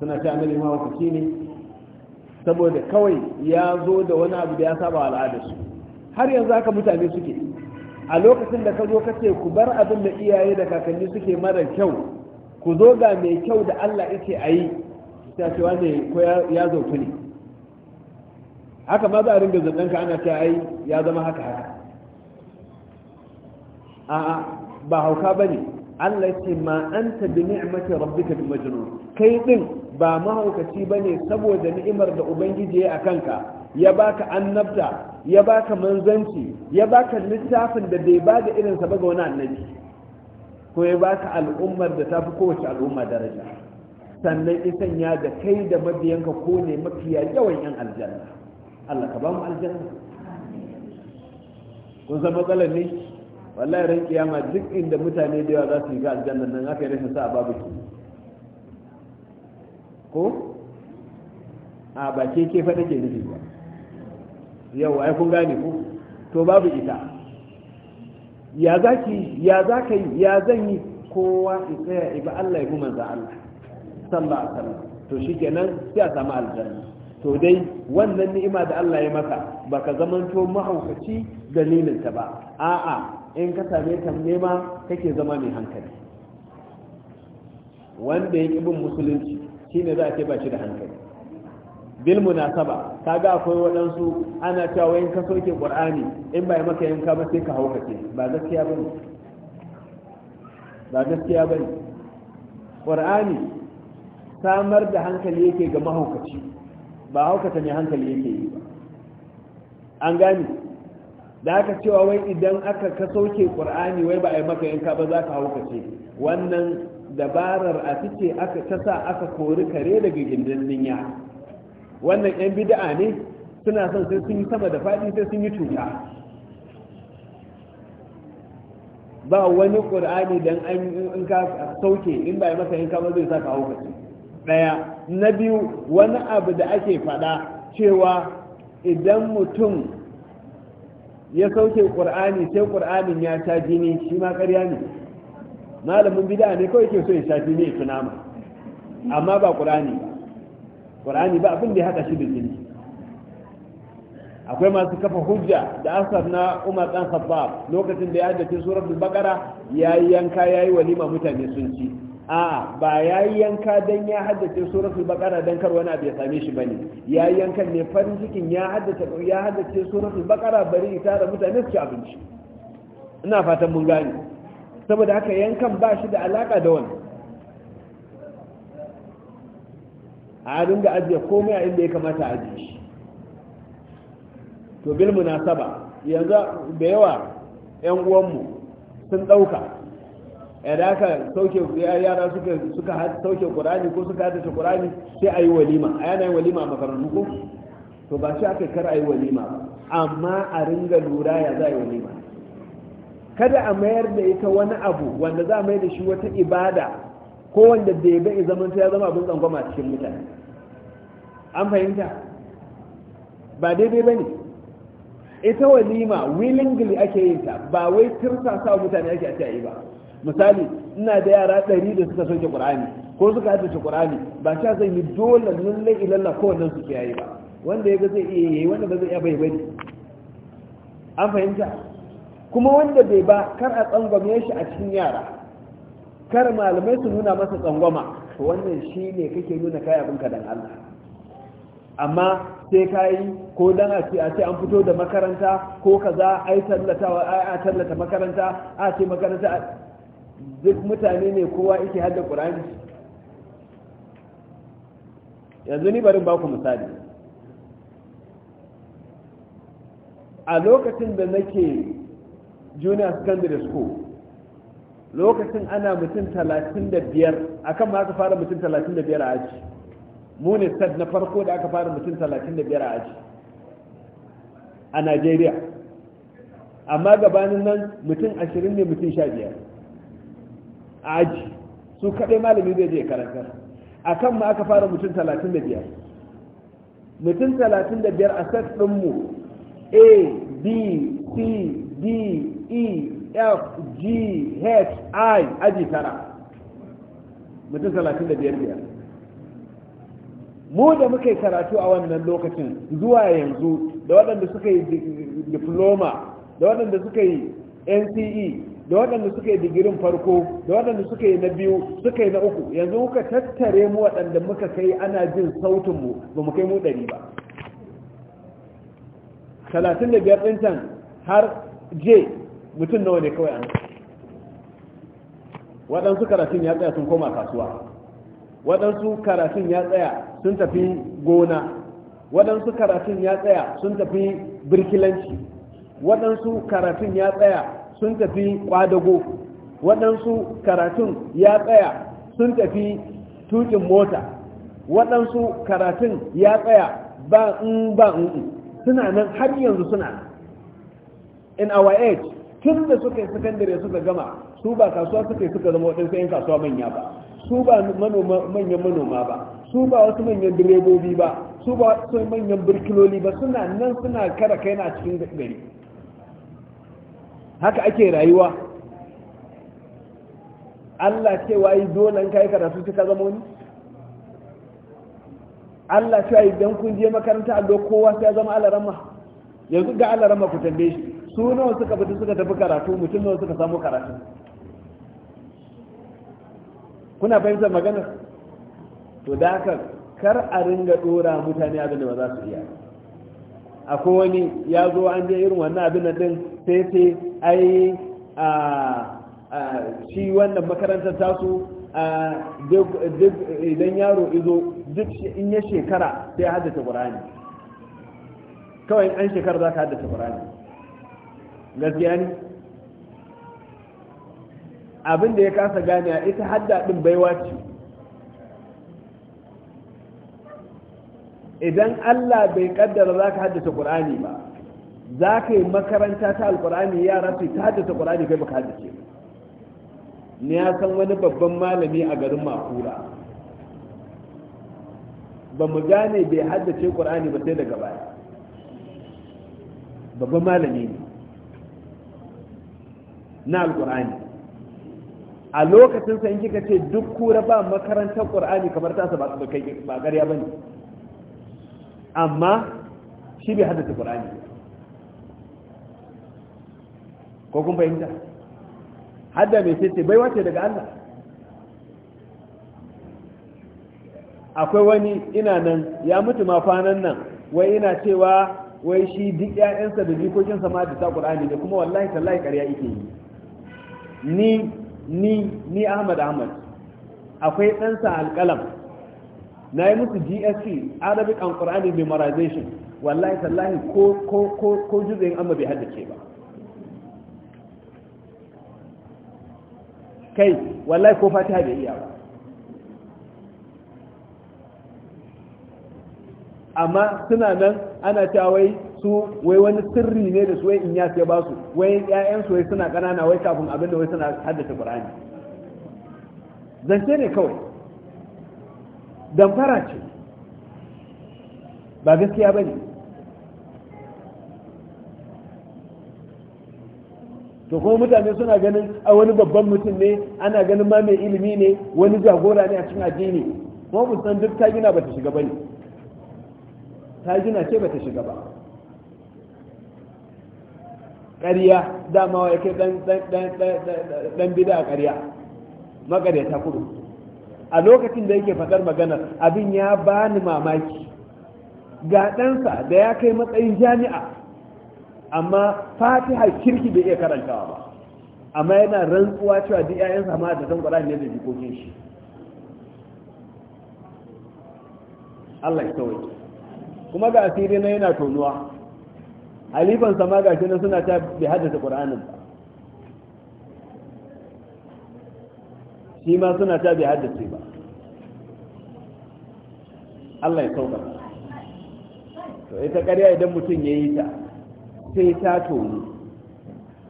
suna ta annabi ma wakaci ne saboda kawai ya zo da wani abu da ya saba al'adarsu har yanzu haka mutane suke a lokacin da ka zo ka ce ku bar abin da iyaye da kakanni suke mara kyau ku zo ga mai kyau da Allah yake a yi ta ce wane ko ya zautu ne haka ma za a ringa zanɗanka ana ce ai ya zama haka haka a'a ba hauka ba ne Allah ce ma an ta bi ni'matin rabbika bi majnun kai din ba mahaukaci ba ne saboda ni'imar da ubangiji ya kanka ya baka annabta ya baka manzanci ya baka littafin da bai ba da irinsa ba ga wani annabi ko ya baka al'ummar da tafi kowace al'umma daraja sannan ya sanya da kai da mabiyanka ko ne mafiya yawan yan aljanna Allah ka ba mu aljanna kun san matsalar ne wallahi ran kiyama duk inda mutane da yawa za su yi ga aljanna nan aka yi rashin sa babu ki ko a ba ke ke faɗa ke nufi ba yau ai kun gane ko to babu ita ya za ki ya za ka ya zan yi kowa in tsaya ibi Allah ya guma za' Allah sallallahu alaihi to shikenan sai a samu aljanna to dai wannan ni'ima da Allah ya maka baka zamanto mahaukaci dalilin ta ba a'a in ka same ta nema kake zama mai hankali wanda ya bin musulunci shine za a ce ba shi da hankali bil munasaba kaga akwai waɗansu ana cewa in ka soke qur'ani in bai maka yanka ba sai ka haukace ba gaskiya bane ba gaskiya bane qur'ani samar da hankali yake ga mahaukaci ba haukata ne hankali yake yi ba an gane da aka cewa wai idan aka ka soke qur'ani wai ba a maka yanka ba za ka haukace wannan dabarar a fice aka ta sa aka kori kare daga gindin ya wannan yan bid'a ne suna son sai sun yi sama da faɗi sai sun yi cuta ba wani ƙur'ani dan an in ka sauke in ba masa in kama zai saka hukunci ɗaya na biyu wani abu da ake faɗa cewa idan mutum ya sauke ƙur'ani sai ƙur'anin ya ta jini shi ma ƙarya ne malamin bida ne kawai ke so ya sha jini ya tunama amma ba ƙur'ani ba qur'ani ba abin da ya haɗa shi da jini akwai masu kafa hujja da asar na umar ɗan khattab lokacin da ya haddace bakara ya yi yanka ya yi walima mutane sun ci a'a ba ya yi yanka don ya haddace suratul bakara don kar wani abu ya same shi bane yi yankan ne farin cikin ya haddace ya haddace suratul baqara bari ya tara mutane su ci abinci ina fatan mun gane saboda haka yankan ba shi da alaka da wannan a dinga ajiye komai a inda ya kamata a ajiye shi to na saba yanzu da yawa yan uwanmu sun dauka yadda aka sauke yara suka suka sauke kur'ani ko suka hada kur'ani sai a yi walima a yana yin walima a makarantu ko to ba shi aka kar a yi walima amma a ringa lura ya za yi walima kada a mayar da ita wani abu wanda za a mai da shi wata ibada ko wanda da ya ga ya zama ya zama abin tsangwama cikin mutane an fahimta ba daidai ba ne ita walima willingly ake yin ta ba wai tirsa sa mutane ake a yi ba misali ina da yara ɗari da suka soke ƙur'ani ko suka haddace ƙur'ani ba sha zai yi dole lallai ilalla kowannen su ke yayi ba wanda ya ga zai iya yi wanda ba zai iya bai bari an fahimta kuma wanda bai ba kar a tsangwame shi a cikin yara kar malamai su nuna masa tsangwama to wannan shi ne kake nuna kaya abinka dan Allah amma sai ka yi ko dan a ce a ce an fito da makaranta ko kaza ai tallatawa ai a tallata makaranta a ce makaranta duk mutane ne kowa yake hadda Qur'ani yanzu ni barin baku misali a lokacin da nake junior secondary school lokacin ana mutum talatin da biyar akan ma aka fara mutum talatin da biyar a aji mu ne sad na farko da aka fara mutum talatin da biyar a aji a najeriya amma gabanin nan mutum ashirin ne mutum sha biyar a aji su kaɗai malami zai je karantar a kan ma aka fara mutum talatin da biyar mutum talatin da biyar a sad ɗinmu a b c d e f g h i aji tara mutum talatin da biyar biyar mu da muka yi karatu a wannan lokacin zuwa yanzu da waɗanda suka yi diploma da waɗanda suka yi nce da waɗanda suka yi digirin farko da waɗanda suka yi na biyu suka yi na uku yanzu muka tattare mu waɗanda muka kai ana jin sautinmu ba mu kai mu ɗari ba talatin da biyar ɗin can har j mutum nawa ne kawai an waɗansu karatun ya tsaya sun koma kasuwa waɗansu karatun ya tsaya sun tafi gona waɗansu karatun ya tsaya sun tafi birkilanci waɗansu karatun ya tsaya sun tafi ƙwadago waɗansu karatun ya tsaya sun tafi tukin mota waɗansu karatun ya tsaya ba in ba in suna nan har yanzu suna in our age tun da suka yi sakandare suka gama su ba kasuwa suka yi suka zama waɗansu 'yan kasuwa manya ba su ba manyan manoma ba su ba wasu manyan direbobi ba su ba wasu manyan birkiloli ba suna nan suna kara kai na cikin gari haka ake rayuwa Allah cewa yi dole an kai karatu ta ka zama wani Allah cewa idan kun je makaranta allo kowa sai ya zama alarama yanzu ga alarama ku tambaye shi su nawa suka fita suka tafi karatu mutum nawa suka samu karatu kuna fahimtar magana to da haka kar a ringa dora mutane abin da ba za su iya akwai wani ya zo an je irin wannan abin nan din sai sai ai a shi wannan makarantar tasu duk idan yaro izo duk in ya shekara sai haddace qur'ani kawai an shekara za ka haddace qur'ani gaskiya ne abin da ya kasa gane ita hadda din baiwa ce idan Allah bai kaddara za ka haddace Qur'ani ba za ka yi makaranta ta alƙur'ani yara su ta haddace Qur'ani kai baka haddace ni ya san wani babban malami a garin Makura ba mu gane bai haddace Qur'ani ba sai daga baya babban malami ne na alkur'ani a lokacin sa in kika ce duk kura ba makarantar qur'ani kamar tasa ba ba kai ba ƙarya bane amma shi bai haddace qur'ani ko kun fahimta hadda mai ce baiwa ce daga Allah akwai wani ina nan ya mutu ma kwanan nan wai ina cewa wai shi duk ƴaƴansa da jikokinsa ma da ta qur'ani ne kuma wallahi tallahi ƙarya yake yi ni ni ni Ahmad Ahmad akwai ɗansa alƙalam na yi musu GSC Arabic and Quranic memorization wallahi sallahi ko ko ko ko juzayin amma bai haddace ba kai wallahi ko fatiha bai iya ba amma suna nan ana cewa wai su wai wani sirri ne da su wai inya ya ba su wai 'ya'yan su wai suna ƙanana wai kafin abin da wai suna haddace Qur'ani zance ne kawai damfara ce ba gaskiya bane to kuma mutane suna ganin a wani babban mutum ne ana ganin ma mai ilimi ne wani jagora ne a cikin addini kuma mutum duk ta gina bata shiga bane ta gina ce bata shiga ba ƙarya dama ya kai ɗan bida a ƙarya ta kudu a lokacin da yake faɗar maganar abin ya ba ni mamaki ga ɗansa da ya kai matsayin jami'a amma fatiha kirki bai iya karantawa ba amma yana rantsuwa cewa duk yayan sama da san ƙwararren ne da jikokin shi Allah ya kawai kuma ga asiri na yana tonuwa halifan sama ga shi suna ta bi haddace qur'anin ba shi ma suna ta bi haddace ba Allah ya sauka to ita ƙarya idan mutum ya yi ta sai ta tonu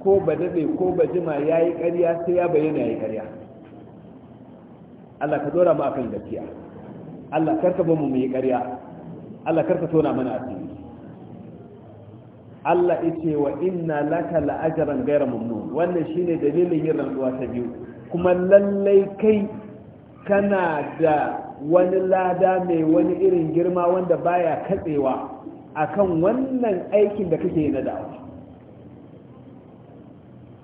ko ba daɗe ko ba jima ya yi ƙarya sai ya bayyana ya yi ƙarya Allah ka dora mu akan gaskiya Allah karka ba mu mu yi ƙarya Allah karka tona mana asiri Allah yace wa inna laka la'ajran gaira mamnun wannan shine dalilin yin rantsuwa ta biyu kuma lallai kai kana da wani lada mai wani irin girma wanda baya katsewa akan wannan aikin da kake na da'awa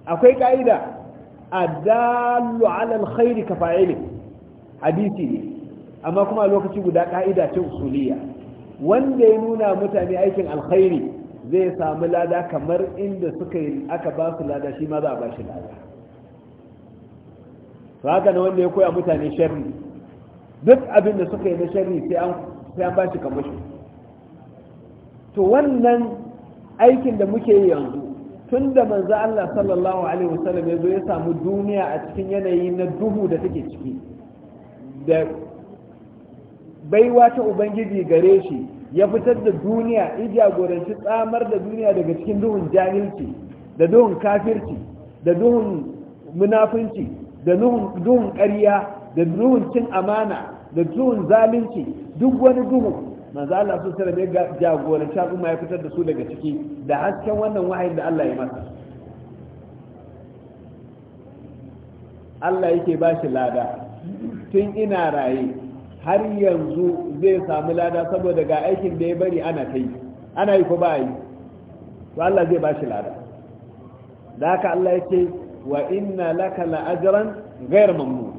akwai ka'ida adallu ala alkhairi ka fa'ili hadisi ne amma kuma lokaci guda ka'ida ce usuliya wanda ya nuna mutane aikin alkhairi zai samu lada kamar inda suka yi aka ba su lada shi ma za a ba shi lada Ba haka na wanda ya koya mutane sharri duk abin da suka yi na sharri sai an ba shi kamar shi to wannan aikin da muke yi yanzu tun da manzo Allah sallallahu alaihi wasallam ya zo ya samu duniya a cikin yanayi na duhu da take ciki da baiwa ta ubangiji gare shi ya fitar da duniya ya jagoranci tsamar da duniya daga cikin duhun jahilci da duhun kafirci da duhun munafunci da duhun ƙarya da duhun cin amana da duhun zalunci duk wani duhun manzo Allah su da jagoranci al'umma ya fitar da su daga ciki da hasken wannan wahayin da Allah ya masa Allah yake ba shi lada tun ina raye har yanzu zai samu lada saboda ga aikin da ya bari ana ta yi ana yi ko ba yi to Allah zai ba shi lada da haka Allah ya ce wa inna laka la ajran ghayr mamnun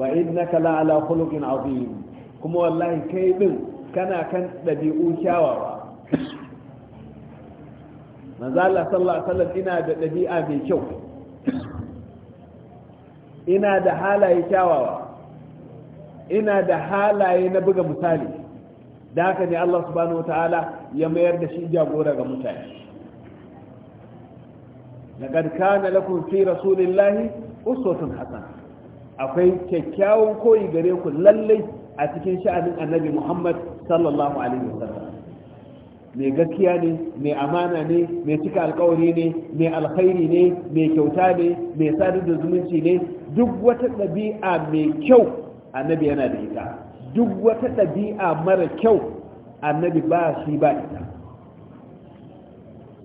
wa innaka la ala khuluqin azim kuma wallahi kai din kana kan dabi'u kyawawa manzo Allah sallallahu alaihi wasallam ina da dabi'a mai kyau ina da halaye kyawawa ina da halaye na buga misali da haka ne Allah subhanahu wataala ya mayar da shi jagora ga mutane laqad kana lakum fi rasulillahi uswatun hasana akwai kyakkyawan koyi gare ku lallai a cikin sha'anin annabi Muhammad sallallahu alaihi wasallam mai gaskiya ne mai amana ne mai cika alkawari ne mai alkhairi ne mai kyauta ne mai sadar da zumunci ne duk wata ɗabi'a mai kyau annabi yana da ita duk wata ɗabi'a mara kyau annabi ba shi ba ita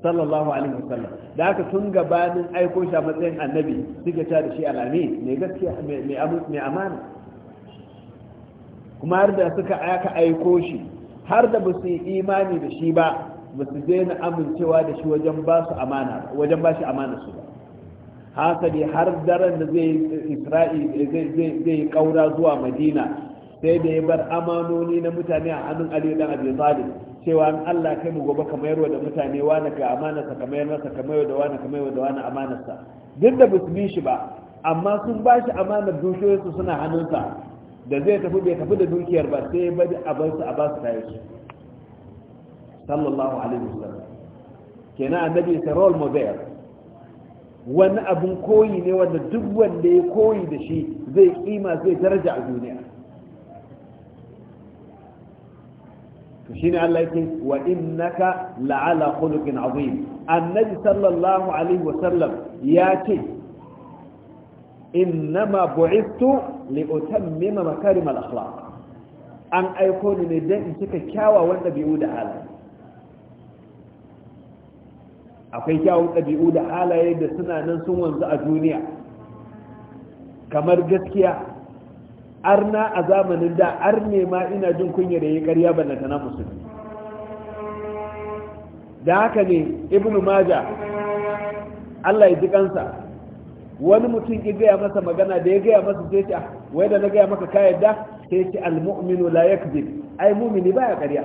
sallallahu alaihi wasallam da haka tun gabanin aiko shi a matsayin annabi suke ta da shi alami mai gaskiya mai amana kuma har da suka aka aiko shi har da ba su yi imani da shi ba ba su daina amincewa da shi wajen ba su amana wajen ba shi amana su ba hasali har daren da zai isra'i zai kaura zuwa madina sai da ya bar amanoni na mutane a hannun aliyu dan abi talib cewa an allah kai mu gobe kamar wa da mutane wani ga amanarsa kamar nasa kamar da wani kamar da wani amanarsa duk da basu bi shi ba amma sun ba shi amanar dukiyoyinsu suna hannunsa da zai tafi bai tafi da dukiyar ba sai ya bari a bar su a ba su kayan su sallallahu alaihi wasallam kenan annabi sai role model wani abin koyi ne wanda duk wanda ya koyi da shi zai kima zai daraja a duniya to shine Allah yake wa innaka la'ala khuluqin azim annabi sallallahu alaihi wa sallam ya ce innama bu'ithtu li utammima makarim al akhlaq an aiko ni ne dan in cika kyawawan dabi'u da halaye akwai kyawun ɗabi'u da halaye da suna nan sun wanzu a duniya kamar gaskiya arna a zamanin da ne ma ina jin kunya da ya karya ba na musulmi da haka ne ibn maja allah ya ji kansa wani mutum ya gaya masa magana da ya gaya masa sai ce ah, wai da na gaya maka ka yadda sai ce almu'minu la yakzib ai mu'mini baya ƙarya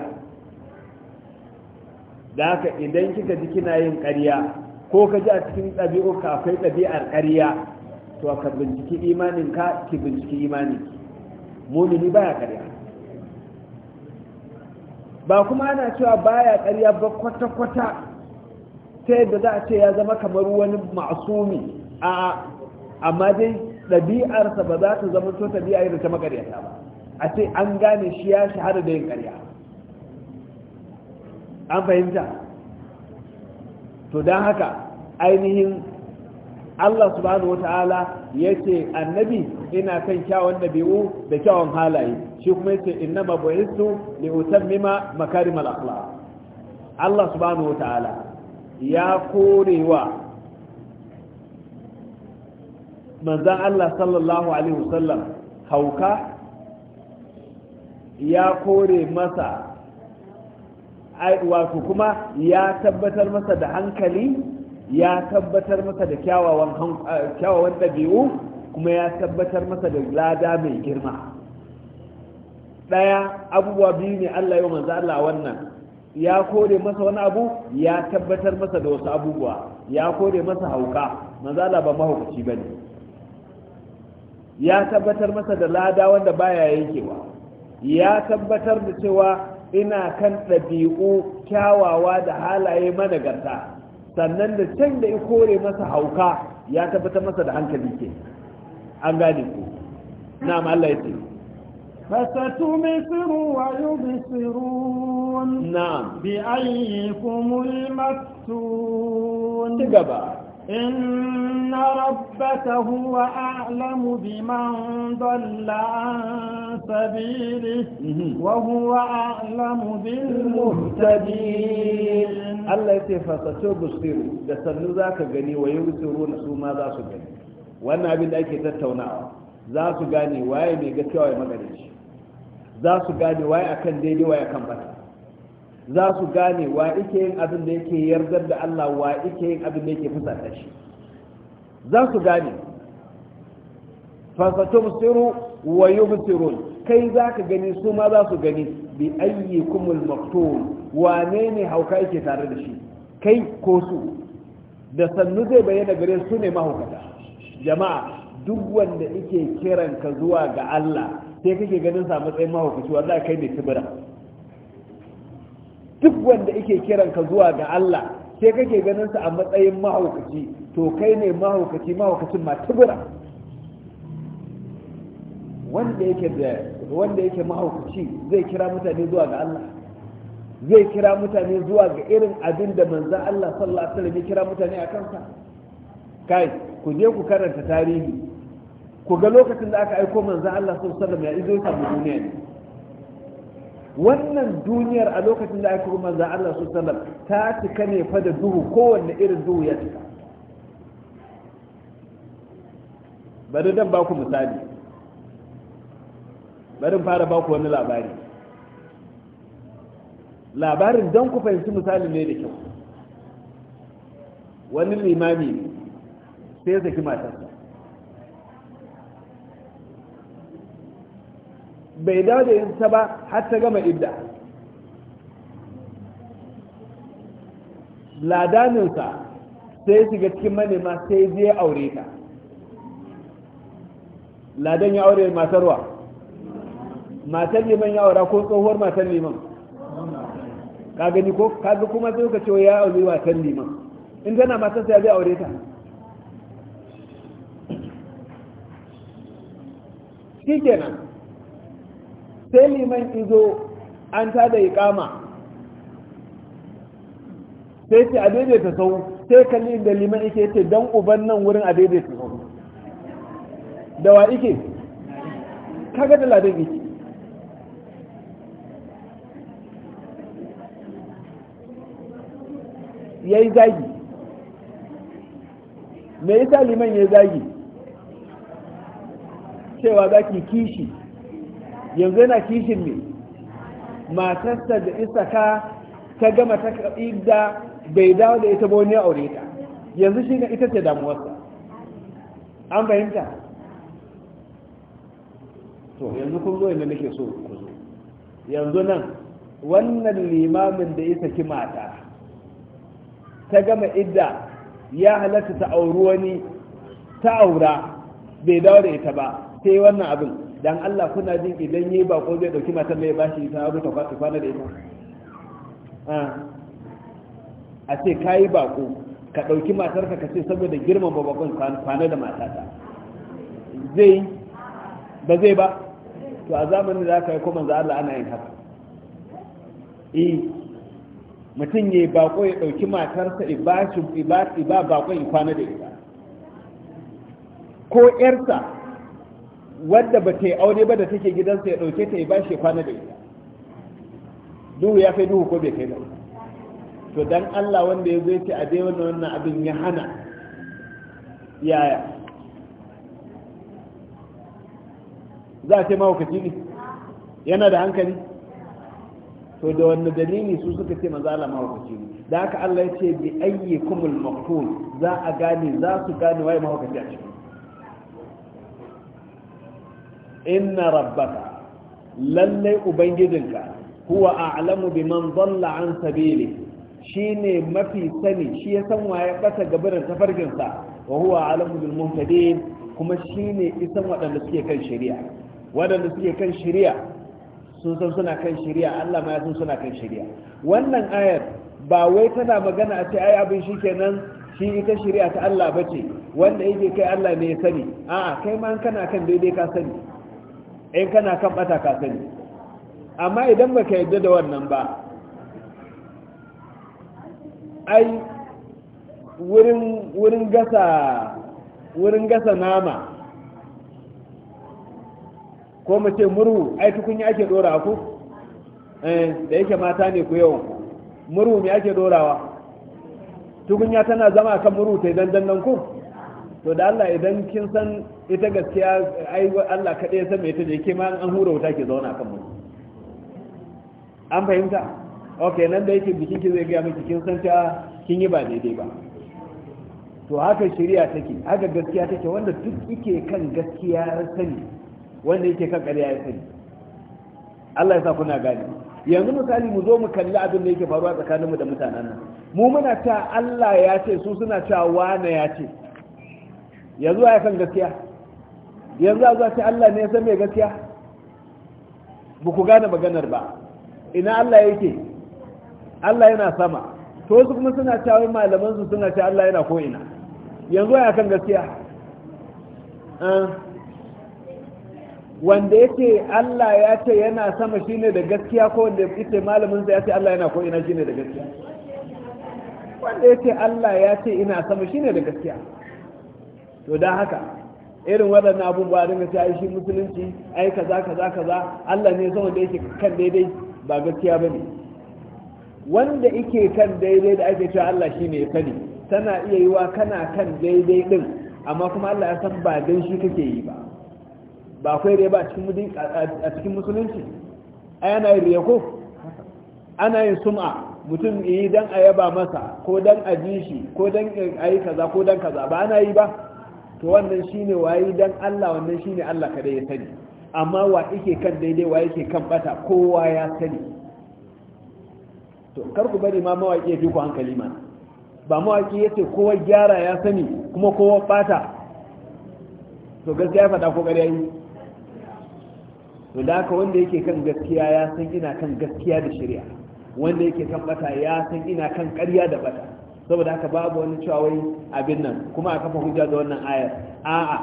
da haka idan kika ji kina yin ƙarya ko ka ji a cikin ɗabi'uka akwai ɗabi'ar ƙarya to ka binciki imanin ka ki binciki imanin ki mumini baya ƙarya ba kuma ana cewa baya ƙarya ba kwata-kwata ta yadda za a ce ya zama kamar wani masumi a amma dai ɗabi'arsa ba za ta zama to ɗabi'a da ta makaryata ba a ce an gane shi ya shahara da yin ƙarya an fahimta to don haka ainihin Allah subhanahu wata'ala ya ce annabi ina kan kyawun ɗabi'u da kyawun halaye shi kuma ya ce inna mabu'istu li utammima makarimal akhlaq Allah subhanahu wata'ala ya korewa manzan Allah sallallahu alaihi wasallam hauka ya kore masa wato kuma ya tabbatar masa da hankali ya tabbatar masa da kyawawan ɗabi'u kuma ya tabbatar masa da lada mai girma ɗaya abubuwa biyu ne allah yau manzo allah wannan ya kore masa wani abu ya tabbatar masa da wasu abubuwa ya kore masa hauka manzo allah ba mahaukaci ba ne ya tabbatar masa da lada wanda baya yankewa ya tabbatar da cewa ina kan ɗabi'u kyawawa da halaye managarta sannan da can da ya kore masa hauka ya tabbatar masa da hankali ke an gane ku na Allah ya ce فستبصر ويبصرون نعم بأيكم المفتون تقبل إن ربك هو أعلم بمن ضل عن سبيله وهو أعلم بالمهتدين الله يتفى تبصر تسلو ذاك غني ويبصرون سوما ذا غني وانا abin da ake tattaunawa za su gane waye mai gaskiya waye magana shi za su gane waye akan daidai waye akan bata za su gane wa ike yin abin da yake yardar da Allah wa ike yin abin da yake fusata shi za su gane fasatumsiru wa musirun kai za ka gani su ma za su gani bi kumul maqtul wane ne hauka yake tare da shi kai ko su da sannu zai bayyana gare su ne mahaukata jama'a duk wanda ike kiran ka zuwa ga Allah sai kake ganin sa matsayin mahaukaci wallahi kai ne tibira duk wanda yake kiran ka zuwa ga Allah sai kake ganin sa a matsayin mahaukaci to kai ne mahaukaci mahaukacin ma tubura wanda yake da wanda yake mahaukaci zai kira mutane zuwa ga Allah zai kira mutane zuwa ga irin abin da manzo Allah sallallahu alaihi wasallam ya kira mutane a kansa kai ku je ku karanta tarihi ku ga lokacin da aka aiko manzo Allah sallallahu alaihi wasallam ya izo samu duniya ne wannan duniyar a lokacin da aka kuma za Allah su sallam ta cika ne fa da duhu kowanne irin duhu ya cika bari dan ba ku misali bari fara ba ku wani labari labarin don ku fahimci misali ne da kyau wani limami sai ya saki matarsa bai dawo da yin ta ba har ta gama idda ladaninsa sai shiga cikin manema sai je aure ta ladan ya aure matarwa matar liman ya aura ko tsohuwar matar liman ka gani ko kaga kuma sai ka ce ya aure matar liman in tana matar ya je aure ta shi kenan sai liman izo an ta da ikama sai ce a daidaita sau sai kalli da liman ike ce don uban nan wurin a daidaita sau da wa ike kaga da ladan ike ya yi zagi me yasa liman ya yi zagi cewa zaki kishi yanzu yana kishin ne matarsa da isaka ta gama ta idda bai dawo da ita ba wani aure ta yanzu shi ne ita ce damuwarsa an fahimta to yanzu kun zo inda nake so ku zo yanzu nan wannan limamin da ya saki mata ta gama idda ya halatta ta auri wani ta aura bai dawo da ita ba sai wannan abin dan Allah kuna jin idan yayi ba ko zai dauki matar mai bashi ta aure ta kwata kwana da ita a ce kayi bako ka dauki matar ka ce saboda girman babakon kwana da matata zai ba zai ba to a zamanin da aka yi kuma za Allah ana yin haka eh mutum ya bako ya dauki matarsa ba bakon kwana da ita ko yarsa wadda ba ta yi aure ba da take gidansa ya ɗauke ta ya ba shi kwana da ita duhu ya kai duhu ko bai kai ba to dan Allah wanda ya zai ce a dai wannan wannan abin ya hana yaya za a ce mahaukaci ne yana da hankali to da wanda dalili su suka ce maza Allah mahaukaci ne da haka Allah ya ce bi ayyikumul maqtul za a gane za su gane waye mahaukaci a cikin inna rabbaka lallai ubangijinka huwa a'lamu biman dhalla an sabili shine mafi sani shi ya san waye bata gabarin tafarkin sa wa huwa a'lamu bil muhtadin kuma shine isan wadanda suke kan shari'a wadanda suke kan shari'a sun san suna kan shari'a Allah ma ya san suna kan shari'a wannan ayar ba wai tana magana a ce ai abin shikenan shi ita shari'a ta Allah bace wanda yake kai Allah ne ya sani a'a kai ma kana kan daidai ka sani in kana kan bata ka sani amma idan baka yadda da wannan ba ai wurin gasa wurin gasa nama ko mu ce murhu ai tukunya ake dora ku eh, da yake mata ne ku yau murhu me ake dorawa tukunya tana zama kan murhu ta idan dandan ku to da Allah idan kin san ita gaskiya ai Allah kaɗai ya san me ita ne ke ma an hura wuta ke zauna kan mu an fahimta ok nan da yake bikin ki zai gaya miki kin san ta kin yi ba daidai ba to haka shari'a take haka gaskiya take wanda duk yake kan gaskiya ya sani wanda yake kan ƙarya ya sani Allah ya sa kuna gani yanzu misali mu zo mu kalli abin da yake faruwa tsakanin mu da mutanen nan mu muna ta Allah ya ce su suna cewa wane ya ce yanzu ya kan gaskiya yanzu a zuwa ce Allah ne ya san mai gaskiya ba ku gane maganar ba ina Allah yake Allah yana sama to wasu kuma suna cewa malaman su suna ce Allah yana ko ina yanzu ya kan gaskiya ah. wanda yake Allah ya ce yana sama shine da gaskiya ko wanda yake malamin sa ya ce Allah yana ko ina shine da gaskiya wanda yake Allah ya ce ina sama shine da gaskiya to dan haka irin waɗannan abubuwa dinga sai shi musulunci ai kaza kaza kaza Allah ne zama da yake kan daidai ba gaskiya ba ne. wanda yake kan daidai da ake cewa Allah shine ya sani tana iya yiwa kana kan daidai din amma kuma Allah ya san ba dan shi kake yi ba ba akwai dai ba a cikin musulunci ai ana yin riya ana yin sum'a mutum yi dan a yaba masa ko dan a ji shi ko dan a yi kaza ko dan kaza ba ana yi ba to wannan shine waye dan Allah wannan shine Allah kadai ya sani amma wa yake kan daidai wa yake kan bata kowa ya sani to kar ku bari ma mawaki ya fi ku hankali ma ba mawaki yace kowa gyara ya sani kuma kowa bata to gaskiya ya faɗa ko gare yi to da ka wanda yake kan gaskiya ya san ina kan gaskiya da shari'a wanda yake kan bata ya san ina kan ƙarya da bata saboda haka babu wani cewa wai abin nan kuma a kafa hujja da wannan ayar a'a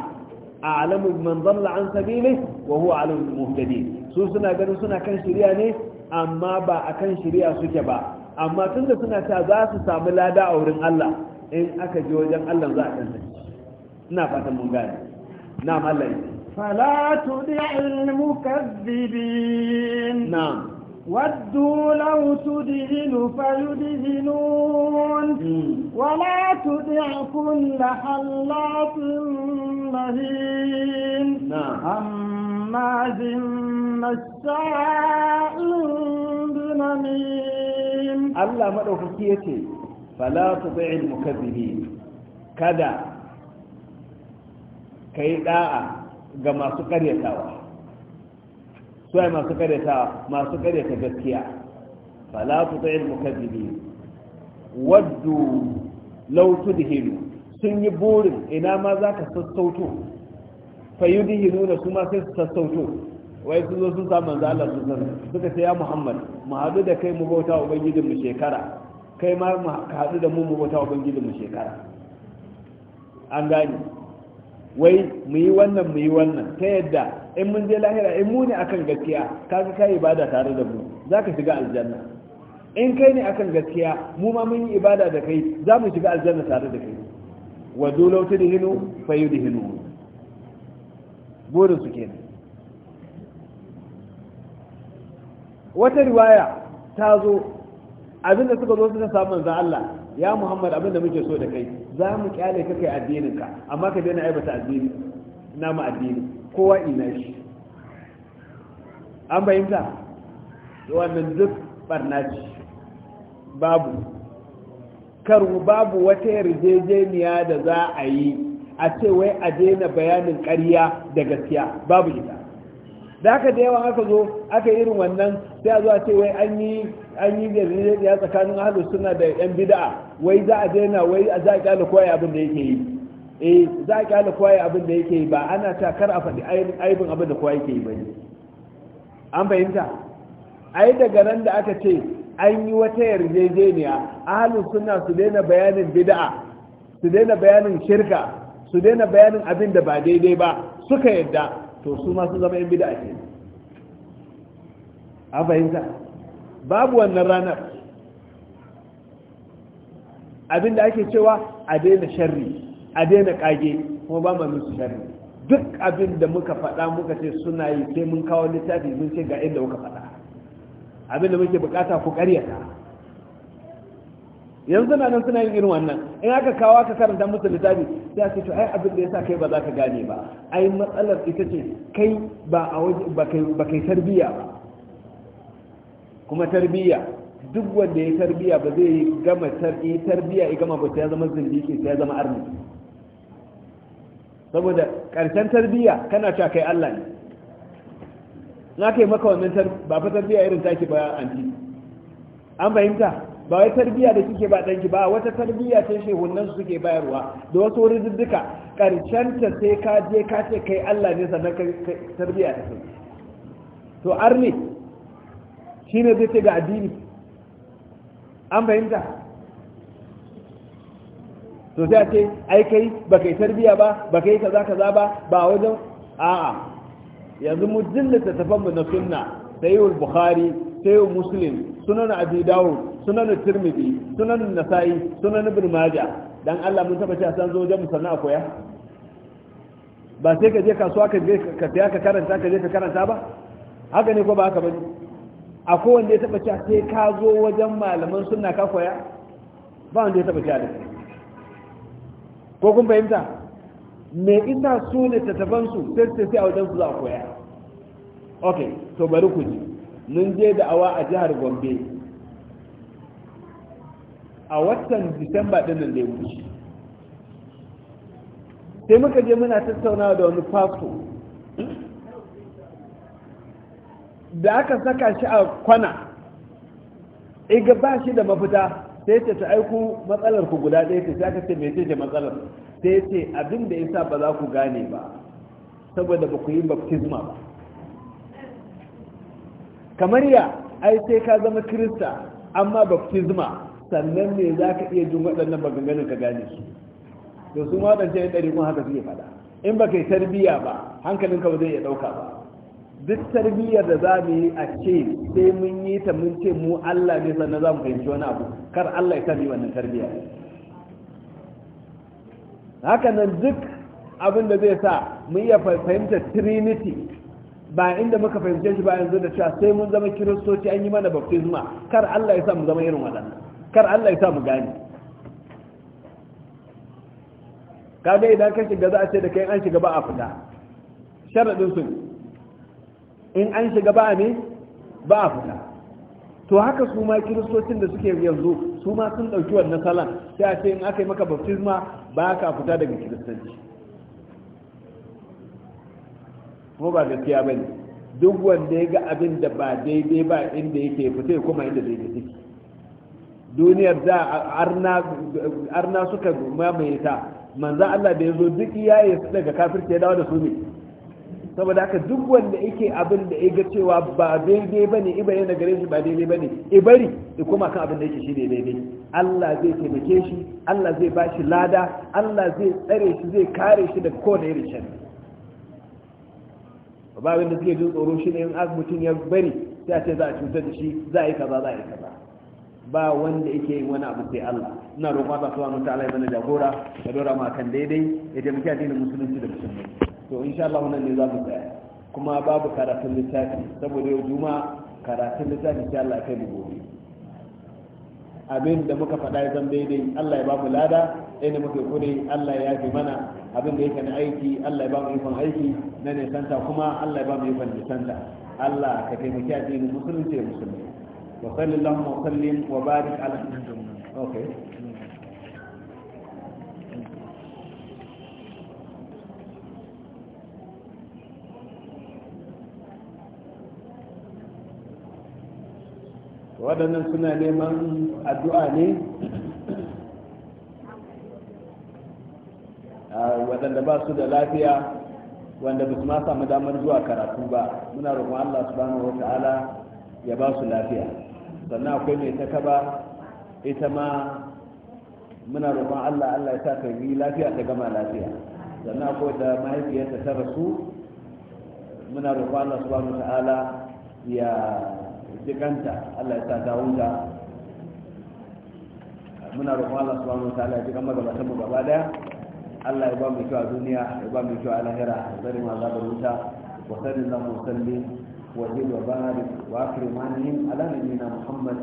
a'lamu man dalla an sabili wa huwa alimul muhtadi su suna ganin suna kan shari'a ne amma ba akan shari'a suke ba amma tunda suna ta za su samu lada a wurin Allah in aka je wajen Allah za a kansa ina fatan mun gane na mallai fala al mukazzibin na'am ودوا لو تدهن فيدهنون ولا تدع كل حلاط مهين هماز مشاء بنميم الله مدوكيتي فلا تطع المكذبين كذا كي داء ga masu karyatawa su ai masu karyata masu karyata gaskiya fala ku ilmu mukazzibi waddu law tudhinu sun yi burin ina ma za ka sassauto fa yudhinu da su ma sai su sassauto wai sun zo sun samu manzo Allah sun san suka ce ya Muhammad mu haɗu da kai mu bauta ubangijin mu shekara kai ma mu haɗu da mu mu bauta ubangijin mu shekara an gane wai mu yi wannan mu yi wannan ta yadda in mun je lahira in muni akan gaskiya Ka ga kai ibada tare da mu zaka shiga aljanna in kai ne akan gaskiya mu ma mun yi ibada da kai za mu shiga aljanna tare da kai wa dulau tudhinu fayudhinu burin su kenan wata riwaya ta zo abinda suka zo suka samu manzon Allah ya Muhammad abinda muke so da kai za mu kyale ka kai addininka amma ka daina aibata addini na mu addini kowa ina shi an bayyanta wannan duk barna ce babu karu babu wata yarjejeniya da za a yi a ce wai a daina bayanin ƙarya da gaskiya babu ita da haka da yawa aka zo aka irin wannan sai a zo a ce wai an yi an yi yarjejeniya tsakanin ahlus sunna da yan bid'a wai za a daina wai a za a kyale koyi abin da yake yi eh za a kyala kowa abin da yake yi ba ana ta kar a faɗi aibin abin da kowa yake yi ba ne an fahimta ai daga nan da aka ce an yi wata yarjejeniya ahalin suna su daina bayanin bid'a su daina bayanin shirka su daina bayanin abin da ba daidai ba suka yadda to su ma su zama yan bid'a ce an fahimta babu wannan ranar abin da ake cewa a daina sharri a daina kage kuma ba mu musu sharri duk abin da muka faɗa muka ce suna yi sai mun kawo littafi mun ce ga inda muka faɗa abin da muke bukata ku ƙaryata yanzu na nan suna yin irin wannan in aka kawo aka karanta musu littafi sai ake to ai abin da yasa kai ba za ka gane ba ai matsalar ita ce kai ba a waje ba kai tarbiyya ba kuma tarbiyya duk wanda ya tarbiyya ba zai gama tarbiya ya gama ba sai ya zama zindiki sai ya zama arziki saboda karshen tarbiyya kana cewa kai Allah ne na kai maka wannan ba fa tarbiyya irin take ba anti an fahimta ba wai tarbiyya da kike ba danki ba wata tarbiyya ce shehunan su suke bayarwa da wasu duka, karshen ta sai ka je ka ce kai Allah ne sannan ka tarbiyya ta kai to arni shine zai ce ga addini an fahimta to sai a ce ai kai ba kai tarbiya ba ba kai kaza kaza ba ba wajen a'a yanzu mu dillata tafan na sunna sai sayyid bukhari sayyid muslim sunan abi dawud sunan tirmidhi sunan nasa'i sunan ibn majah dan Allah mun tabbata san zo wajen musanna a koya ba sai ka je kasuwa ka je ka fiya ka karanta ka je ka karanta ba haka ne ko ba haka bane a kowanne ya taba cewa sai ka zo wajen malaman sunna ka koya ba wanda ya taba cewa da shi ko kun fahimta me isa su ne tattafansu sai sai a wajen su za a koya ok to bari ku ji mun je da awa a jihar gombe a watan disamba nan da ya wuce sai muka je muna tattaunawa da wani fasto da aka saka shi a kwana iga ba shi da mafita sai ce ta aiku matsalar ku guda ɗaya ce sai ka ce mai ce matsalar sai ce abin da yasa ba za ku gane ba saboda ba ku yi baptisma ba kamar ya ai sai ka zama kirista amma baptisma sannan ne za ka iya jin waɗannan maganganun ka gane su to ma waɗance yan ɗari kun haka suke faɗa in ba kai tarbiyya ba hankalinka ba zai iya ɗauka ba duk tarbiyyar da za mu yi a ce sai mun yi ta mun ce mu Allah ne sannan za mu fahimci wani abu kar Allah ya sami wannan tarbiyya haka nan duk abin da zai sa mun iya fahimta trinity ba inda muka fahimce shi ba yanzu da cewa sai mun zama kiristoci an yi mana baptisma kar Allah ya sa mu zama irin waɗannan kar Allah ya sa mu gane kaga idan ka shiga za a ce da kai an shiga ba a fita sharaɗin su ne in an shiga ba ne ba a fita to haka su ma kiristocin da suke yanzu su ma sun ɗauki wannan salon sai a ce in aka yi maka baptisma ba ka fita daga kiristanci kuma ba gaskiya ba ne duk wanda ya ga abin da ba daidai ba inda yake fita ya kuma inda daidai take duniyar da arna suka mamaye ta manzan Allah da ya zo duk iyaye su daga kafirce ya dawo da su ne saboda haka duk wanda yake abin da ya cewa ba daidai ba ne ibayi na gare shi ba daidai ba ne ibari da koma kan abin da yake shi daidai Allah zai taimake shi Allah zai ba shi lada Allah zai tsare shi zai kare shi daga kowane irin shan ba wanda suke jin tsoro shi ne in mutum ya bari sai a ce za a cutar da shi za a yi kaza za a yi kaza ba wanda yake yin wani abu sai Allah ina roƙon Allah subhanahu wa ta'ala ya mana jagora ya dora mu akan daidai ya taimaki addinin musulunci da musulmai to insha Allah wannan ne za mu tsaya kuma babu karatun littafi saboda yau juma karatun littafi sai Allah kai mu gobe abin da muka faɗa ya zan daidai Allah ya bamu lada ina muke kure Allah ya yafe mana abin da yake na aiki Allah ya bamu ikon aiki na santa kuma Allah ya bamu ikon santa Allah ka taimaki addinin musulunci da musulmi wa sallallahu wa sallim wa barik ala okay waɗannan suna neman addu'a ne waɗanda ba su da lafiya wanda ba su ma samu damar zuwa karatu ba muna roƙon allah subhanahu wa ta'ala ya ba su lafiya sannan akwai mai ba ita ma muna roƙon allah allah ya sa ka yi lafiya ta gama lafiya sannan akwai da mahaifiyarta ta rasu muna roƙon allah subhanahu wa ta'ala ya jikanta Allah ya sa ta huta muna roƙon Allah subhanahu wa ta'ala ya jikan magabatan mu gaba daya Allah ya ba mu kyau a duniya ya ba mu kyau a lahira zari ma za da wuta wa salli na musalli wa zid wa bari wa akrim anhum ala nabiyyina Muhammad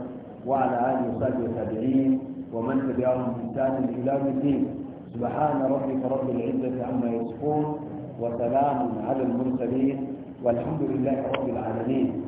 wa ala alihi wa sahbihi tabi'in wa man tabi'ahum bi ihsan ila yawm الدين سبحان ربك رب العزة wa salamun ala al-mursalin والحمد لله رب العالمين